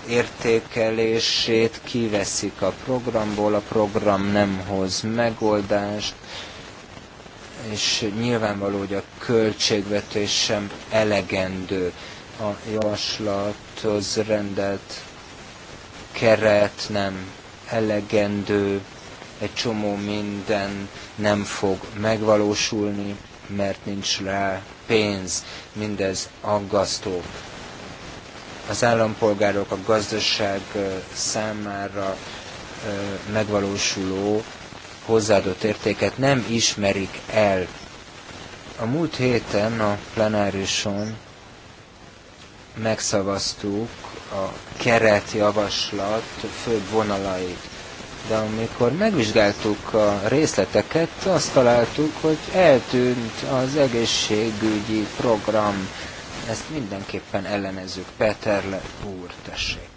értékelését kiveszik a programból, a program nem hoz megoldást, és nyilvánvaló, hogy a költségvetés sem elegendő a javaslathoz rendelt keret nem elegendő, egy csomó minden nem fog megvalósulni, mert nincs rá pénz, mindez aggasztó. Az állampolgárok a gazdaság számára megvalósuló hozzáadott értéket nem ismerik el. A múlt héten a plenárison megszavaztuk a keretjavaslat főbb vonalait. De amikor megvizsgáltuk a részleteket, azt találtuk, hogy eltűnt az egészségügyi program. Ezt mindenképpen ellenezzük. Le úr, tessék.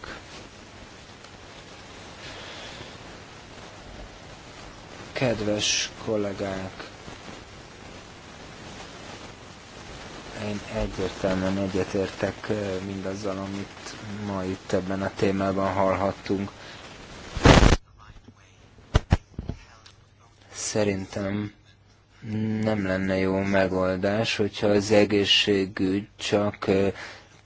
Kedves kollégák, Én egyértelműen egyetértek mindazzal, amit ma itt ebben a témában hallhattunk. Szerintem nem lenne jó megoldás, hogyha az egészségügy csak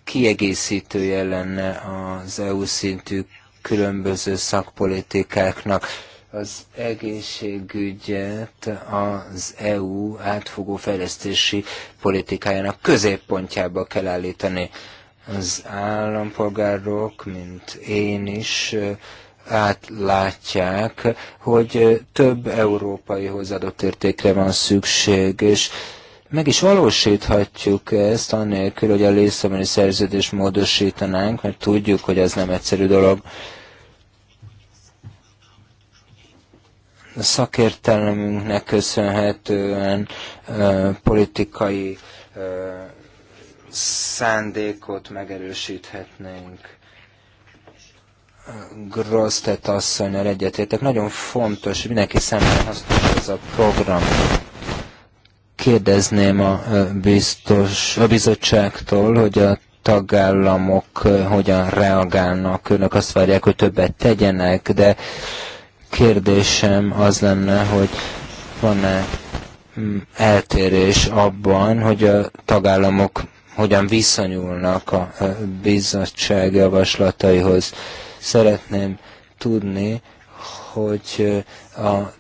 kiegészítője lenne az EU szintű különböző szakpolitikáknak az egészségügyet az EU átfogó fejlesztési politikájának középpontjába kell állítani. Az állampolgárok, mint én is, átlátják, hogy több európai hozzáadott értékre van szükség, és meg is valósíthatjuk ezt, annélkül, hogy a lészemeni szerződést módosítanánk, mert tudjuk, hogy ez nem egyszerű dolog. szakértelmünknek köszönhetően politikai szándékot megerősíthetnénk. Grosztet asszony, egyetértek. Nagyon fontos, hogy mindenki szemben hasznos ez a program. Kérdezném a, biztos, a bizottságtól, hogy a tagállamok hogyan reagálnak. Önök azt várják, hogy többet tegyenek, de kérdésem az lenne, hogy van-e mm, eltérés abban, hogy a tagállamok hogyan viszonyulnak a e, bizottság javaslataihoz. Szeretném tudni, hogy e, a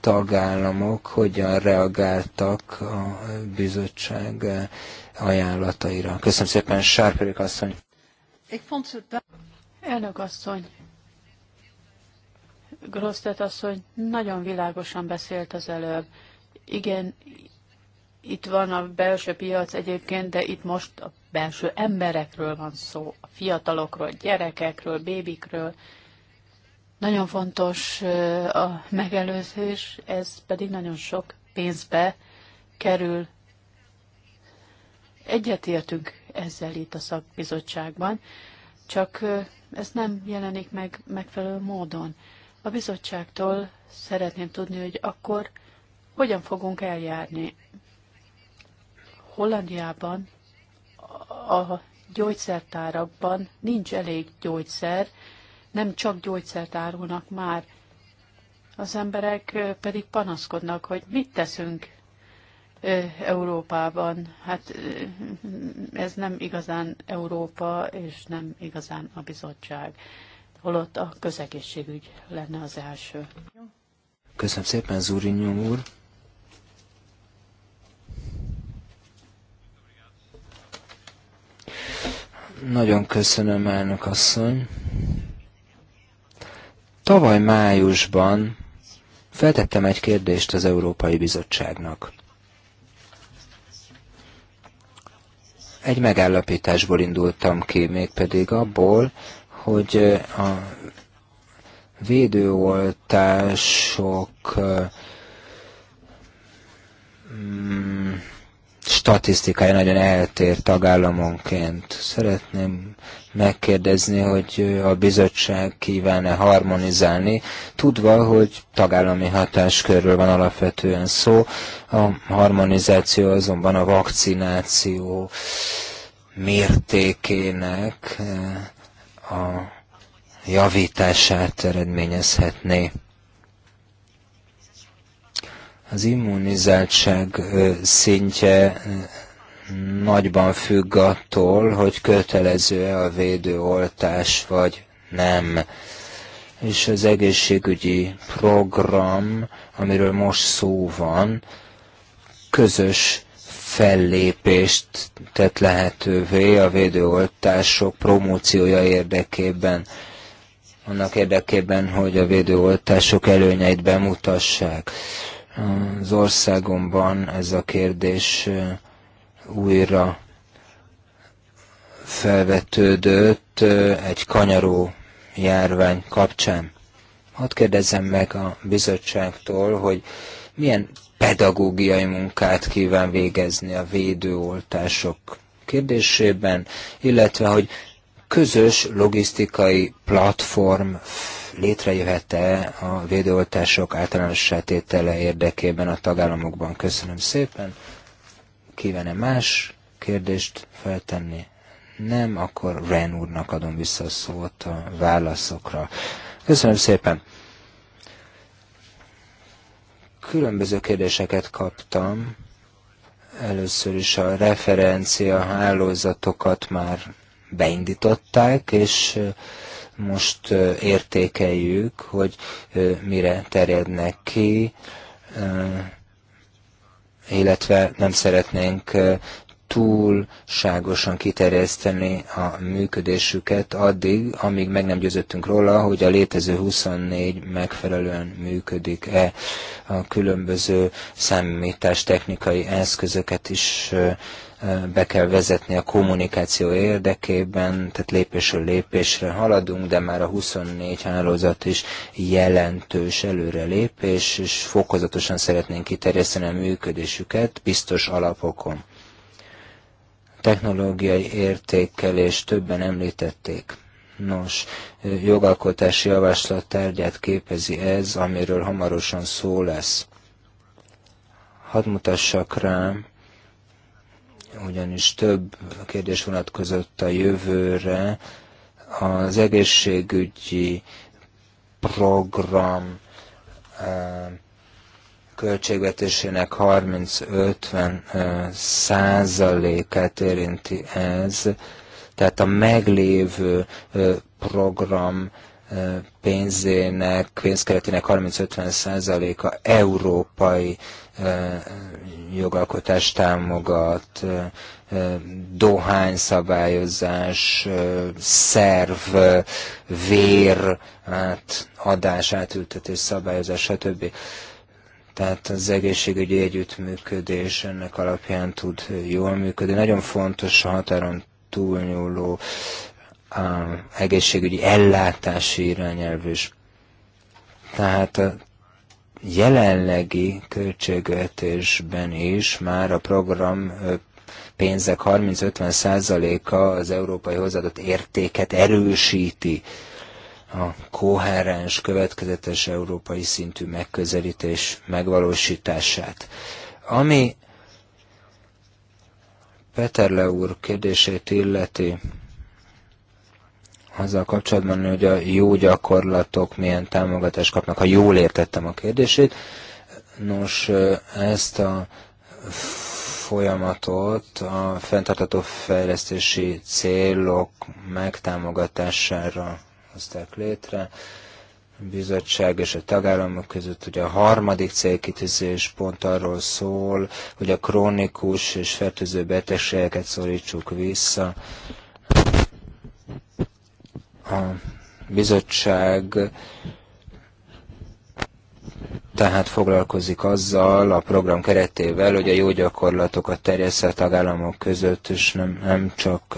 tagállamok hogyan reagáltak a bizottság e, ajánlataira. Köszönöm szépen, Sárpérik asszony. Elnök asszony, Grosztet asszony nagyon világosan beszélt az előbb. Igen, itt van a belső piac egyébként, de itt most a belső emberekről van szó, a fiatalokról, gyerekekről, bébikről. Nagyon fontos a megelőzés, ez pedig nagyon sok pénzbe kerül. Egyetértünk ezzel itt a szakbizottságban, csak ez nem jelenik meg megfelelő módon. A bizottságtól szeretném tudni, hogy akkor hogyan fogunk eljárni. Hollandiában a gyógyszertárakban nincs elég gyógyszer, nem csak gyógyszert árulnak már. Az emberek pedig panaszkodnak, hogy mit teszünk Európában. Hát ez nem igazán Európa, és nem igazán a bizottság holott a közegészségügy lenne az első. Köszönöm szépen, Zúrinyó úr. Nagyon köszönöm, elnök asszony. Tavaly májusban feltettem egy kérdést az Európai Bizottságnak. Egy megállapításból indultam ki, mégpedig abból, hogy a védőoltások mm, statisztikája nagyon eltér tagállamonként. Szeretném megkérdezni, hogy a bizottság kíván-e harmonizálni, tudva, hogy tagállami hatáskörről van alapvetően szó, a harmonizáció azonban a vakcináció mértékének a javítását eredményezhetné. Az immunizáltság szintje nagyban függ attól, hogy kötelező-e a védőoltás, vagy nem. És az egészségügyi program, amiről most szó van, közös fellépést tett lehetővé a védőoltások promóciója érdekében, annak érdekében, hogy a védőoltások előnyeit bemutassák. Az országomban ez a kérdés újra felvetődött egy kanyaró járvány kapcsán. Hadd kérdezzem meg a bizottságtól, hogy milyen pedagógiai munkát kíván végezni a védőoltások kérdésében, illetve hogy közös logisztikai platform létrejöhet-e a védőoltások általános tétele érdekében a tagállamokban. Köszönöm szépen. Kívánne más kérdést feltenni? Nem, akkor Ren úrnak adom vissza a szót a válaszokra. Köszönöm szépen. Különböző kérdéseket kaptam. Először is a referencia hálózatokat már beindították, és most értékeljük, hogy mire terjednek ki, illetve nem szeretnénk túlságosan kiterjeszteni a működésüket addig, amíg meg nem győzöttünk róla, hogy a létező 24 megfelelően működik-e. A különböző technikai eszközöket is be kell vezetni a kommunikáció érdekében, tehát lépésről lépésre haladunk, de már a 24 hálózat is jelentős előrelépés, és fokozatosan szeretnénk kiterjeszteni a működésüket biztos alapokon technológiai értékelés többen említették. Nos, jogalkotási javaslat tárgyát képezi ez, amiről hamarosan szó lesz. Hadd mutassak rá, ugyanis több kérdés vonatkozott a jövőre, az egészségügyi program költségvetésének 30-50 százalékát érinti ez, tehát a meglévő program pénzének, pénzkeretének 30-50 százaléka európai jogalkotást támogat, dohányszabályozás, szerv, vér, hát adás, átültetés, szabályozás, stb tehát az egészségügyi együttműködés ennek alapján tud jól működni. Nagyon fontos a határon túlnyúló a egészségügyi ellátási irányelv is. Tehát a jelenlegi költségvetésben is már a program pénzek 30-50 százaléka az európai hozzáadott értéket erősíti a koherens, következetes európai szintű megközelítés megvalósítását. Ami Peterle úr kérdését illeti, azzal kapcsolatban, hogy a jó gyakorlatok milyen támogatást kapnak, ha jól értettem a kérdését. Nos, ezt a folyamatot a fenntartató fejlesztési célok megtámogatására hozták létre, a bizottság és a tagállamok között ugye a harmadik célkitűzés pont arról szól, hogy a krónikus és fertőző betegségeket szorítsuk vissza. A bizottság tehát foglalkozik azzal a program keretével, hogy a jó gyakorlatokat terjessze a tagállamok között, és nem, nem csak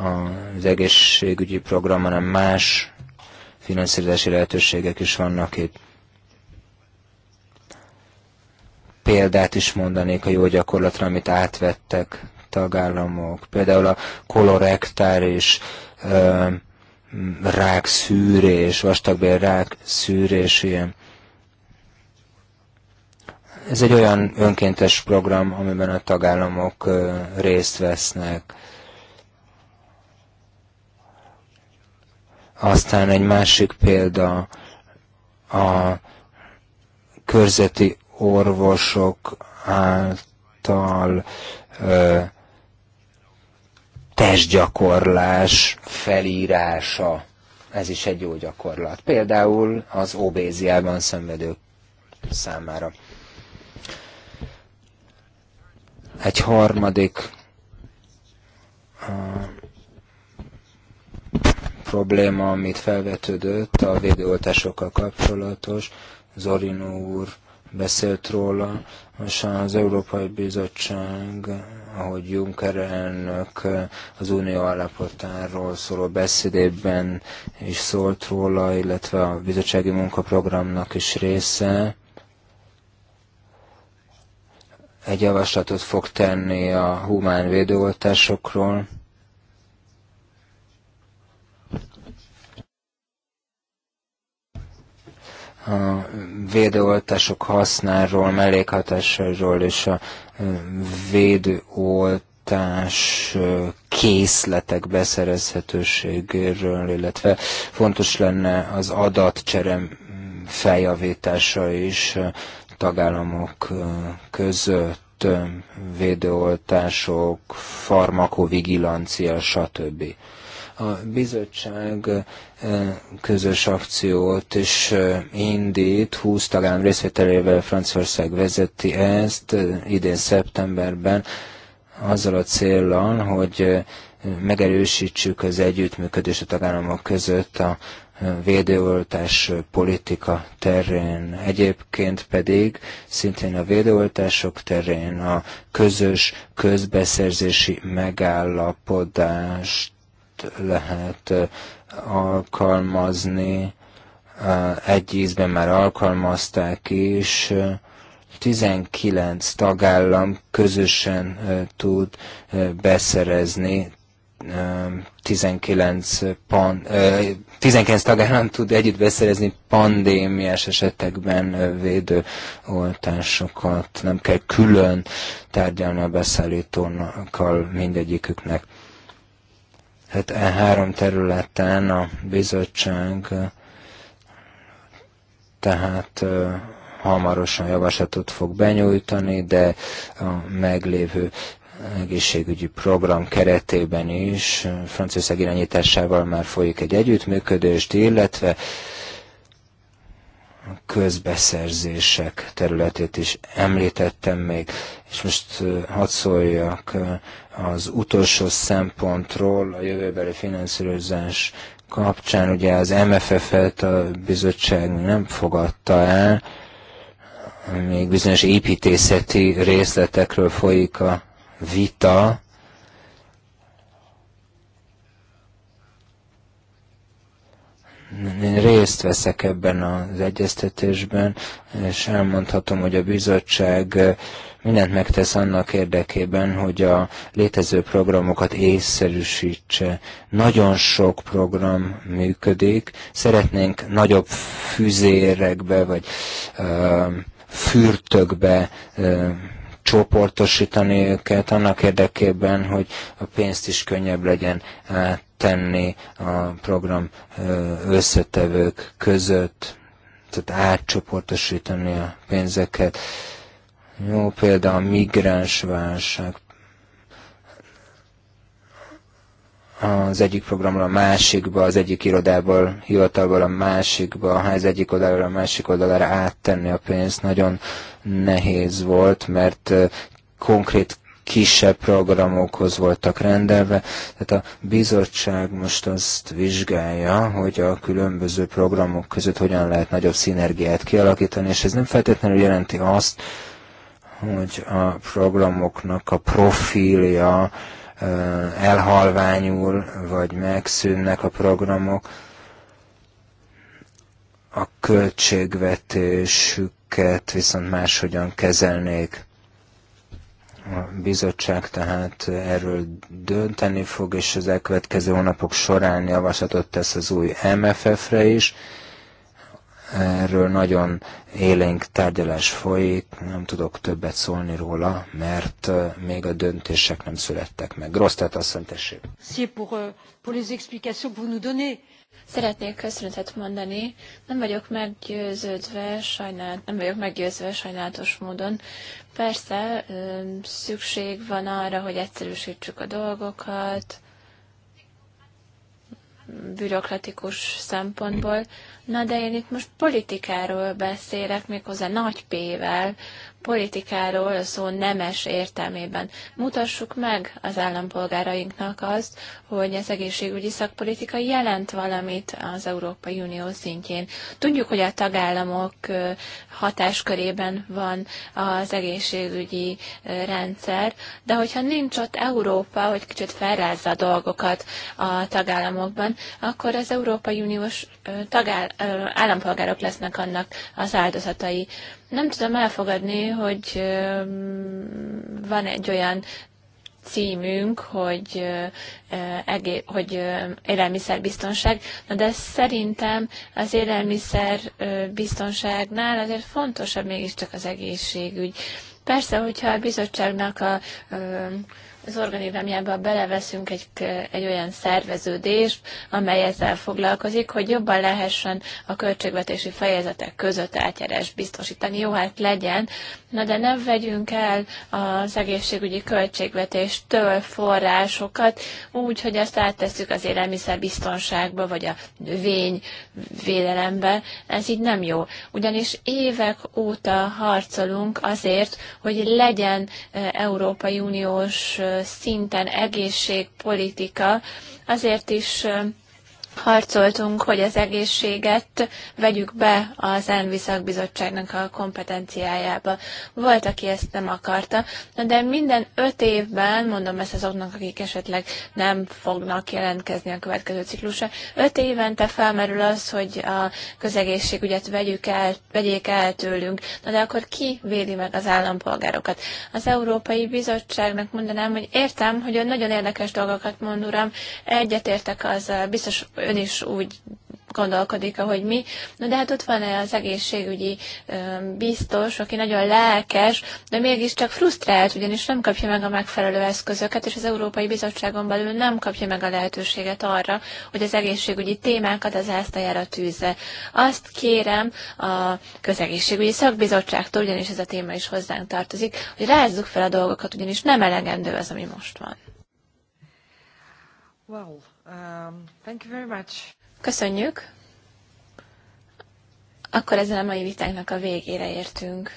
az egészségügyi program, hanem más finanszírozási lehetőségek is vannak itt. Példát is mondanék a jó gyakorlatra, amit átvettek tagállamok. Például a és ö, rák szűrés, vastagbél rák szűrés, ilyen. Ez egy olyan önkéntes program, amiben a tagállamok ö, részt vesznek Aztán egy másik példa a körzeti orvosok által ö, testgyakorlás felírása. Ez is egy jó gyakorlat. Például az obéziában szenvedők számára. Egy harmadik probléma, amit felvetődött a védőoltásokkal kapcsolatos. Zorino úr beszélt róla, és az Európai Bizottság, ahogy Juncker elnök az unió állapotáról szóló beszédében is szólt róla, illetve a bizottsági munkaprogramnak is része, egy javaslatot fog tenni a humán védőoltásokról, a védőoltások hasznáról, mellékhatásairól és a védőoltás készletek beszerezhetőségéről, illetve fontos lenne az adatcserem feljavítása is tagállamok között védőoltások, farmakovigilancia, stb a bizottság közös akciót is indít, 20 tagállam részvételével Franciaország vezeti ezt idén szeptemberben, azzal a célral, hogy megerősítsük az együttműködés a tagállamok között a védőoltás politika terén. Egyébként pedig szintén a védőoltások terén a közös közbeszerzési megállapodást lehet alkalmazni, egy ízben már alkalmazták is, 19 tagállam közösen tud beszerezni 19, pan, 19 tagállam tud együtt beszerezni pandémiás esetekben védőoltásokat. Nem kell külön tárgyalni a beszállítókkal mindegyiküknek hát e három területen a bizottság tehát hamarosan javaslatot fog benyújtani, de a meglévő egészségügyi program keretében is Franciaország irányításával már folyik egy együttműködést, illetve a közbeszerzések területét is említettem még, és most hadd szóljak az utolsó szempontról a jövőbeli finanszírozás kapcsán ugye az MFF-et a bizottság nem fogadta el, még bizonyos építészeti részletekről folyik a vita, én részt veszek ebben az egyeztetésben, és elmondhatom, hogy a bizottság mindent megtesz annak érdekében, hogy a létező programokat észszerűsítse. Nagyon sok program működik, szeretnénk nagyobb füzérekbe vagy ö, fürtökbe ö, csoportosítani őket annak érdekében, hogy a pénzt is könnyebb legyen tenni a program összetevők között, tehát átcsoportosítani a pénzeket. Jó például a migránsválság. Az egyik programról a másikba, az egyik irodából, hivatalból a másikba, ha az egyik oldalról a másik oldalára áttenni a pénzt nagyon nehéz volt, mert konkrét kisebb programokhoz voltak rendelve. Tehát a bizottság most azt vizsgálja, hogy a különböző programok között hogyan lehet nagyobb szinergiát kialakítani, és ez nem feltétlenül jelenti azt, hogy a programoknak a profilja elhalványul, vagy megszűnnek a programok, a költségvetésüket viszont máshogyan kezelnék. A bizottság tehát erről dönteni fog, és az elkövetkező hónapok során javaslatot tesz az új MFF-re is. Erről nagyon élénk tárgyalás folyik, nem tudok többet szólni róla, mert még a döntések nem születtek meg. Rossz, tehát azt tessék. Euh, Szeretnék köszönetet mondani. Nem vagyok meggyőződve, sajnálat, nem vagyok meggyőzve sajnálatos módon. Persze szükség van arra, hogy egyszerűsítsük a dolgokat, bürokratikus szempontból, Na de én itt most politikáról beszélek, méghozzá nagy P-vel, politikáról a szó nemes értelmében. Mutassuk meg az állampolgárainknak azt, hogy az egészségügyi szakpolitika jelent valamit az Európai Unió szintjén. Tudjuk, hogy a tagállamok hatáskörében van az egészségügyi rendszer, de hogyha nincs ott Európa, hogy kicsit felrázza a dolgokat a tagállamokban, akkor az Európai Uniós tagáll- állampolgárok lesznek annak az áldozatai. Nem tudom elfogadni, hogy van egy olyan címünk, hogy, hogy élelmiszerbiztonság, na de szerintem az élelmiszerbiztonságnál azért fontosabb mégiscsak az egészségügy. Persze, hogyha a bizottságnak a az organigramjába beleveszünk egy, egy olyan szerveződést, amely ezzel foglalkozik, hogy jobban lehessen a költségvetési fejezetek között átjárás biztosítani. Jó, hát legyen, na de nem vegyünk el az egészségügyi költségvetéstől forrásokat, úgy, hogy ezt áttesszük az élelmiszerbiztonságba, vagy a növény védelembe. Ez így nem jó. Ugyanis évek óta harcolunk azért, hogy legyen eh, Európai Uniós szinten egészségpolitika azért is harcoltunk, hogy az egészséget vegyük be az elmi szakbizottságnak a kompetenciájába. Volt, aki ezt nem akarta, de minden öt évben, mondom ezt azoknak, akik esetleg nem fognak jelentkezni a következő ciklusra, öt évente felmerül az, hogy a közegészségügyet vegyük el, vegyék el tőlünk. Na de akkor ki védi meg az állampolgárokat? Az Európai Bizottságnak mondanám, hogy értem, hogy ön nagyon érdekes dolgokat mond, uram, egyetértek az biztos ön is úgy gondolkodik, ahogy mi. Na de hát ott van az egészségügyi biztos, aki nagyon lelkes, de mégiscsak frusztrált, ugyanis nem kapja meg a megfelelő eszközöket, és az Európai Bizottságon belül nem kapja meg a lehetőséget arra, hogy az egészségügyi témákat az ásztajára tűzze. Azt kérem a közegészségügyi szakbizottságtól, ugyanis ez a téma is hozzánk tartozik, hogy rázzuk fel a dolgokat, ugyanis nem elegendő az, ami most van. Wow. Um, Köszönjük. Akkor ezzel a mai vitánknak a végére értünk.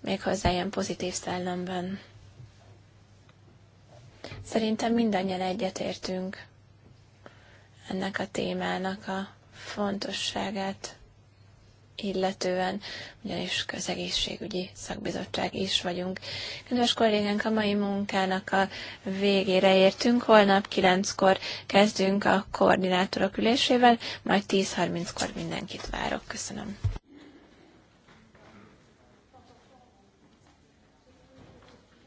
Méghozzá ilyen pozitív szellemben. Szerintem mindannyian egyetértünk ennek a témának a fontosságát illetően, ugyanis közegészségügyi szakbizottság is vagyunk. Kedves kollégánk, a mai munkának a végére értünk. Holnap 9-kor kezdünk a koordinátorok ülésével, majd 10.30-kor mindenkit várok. Köszönöm.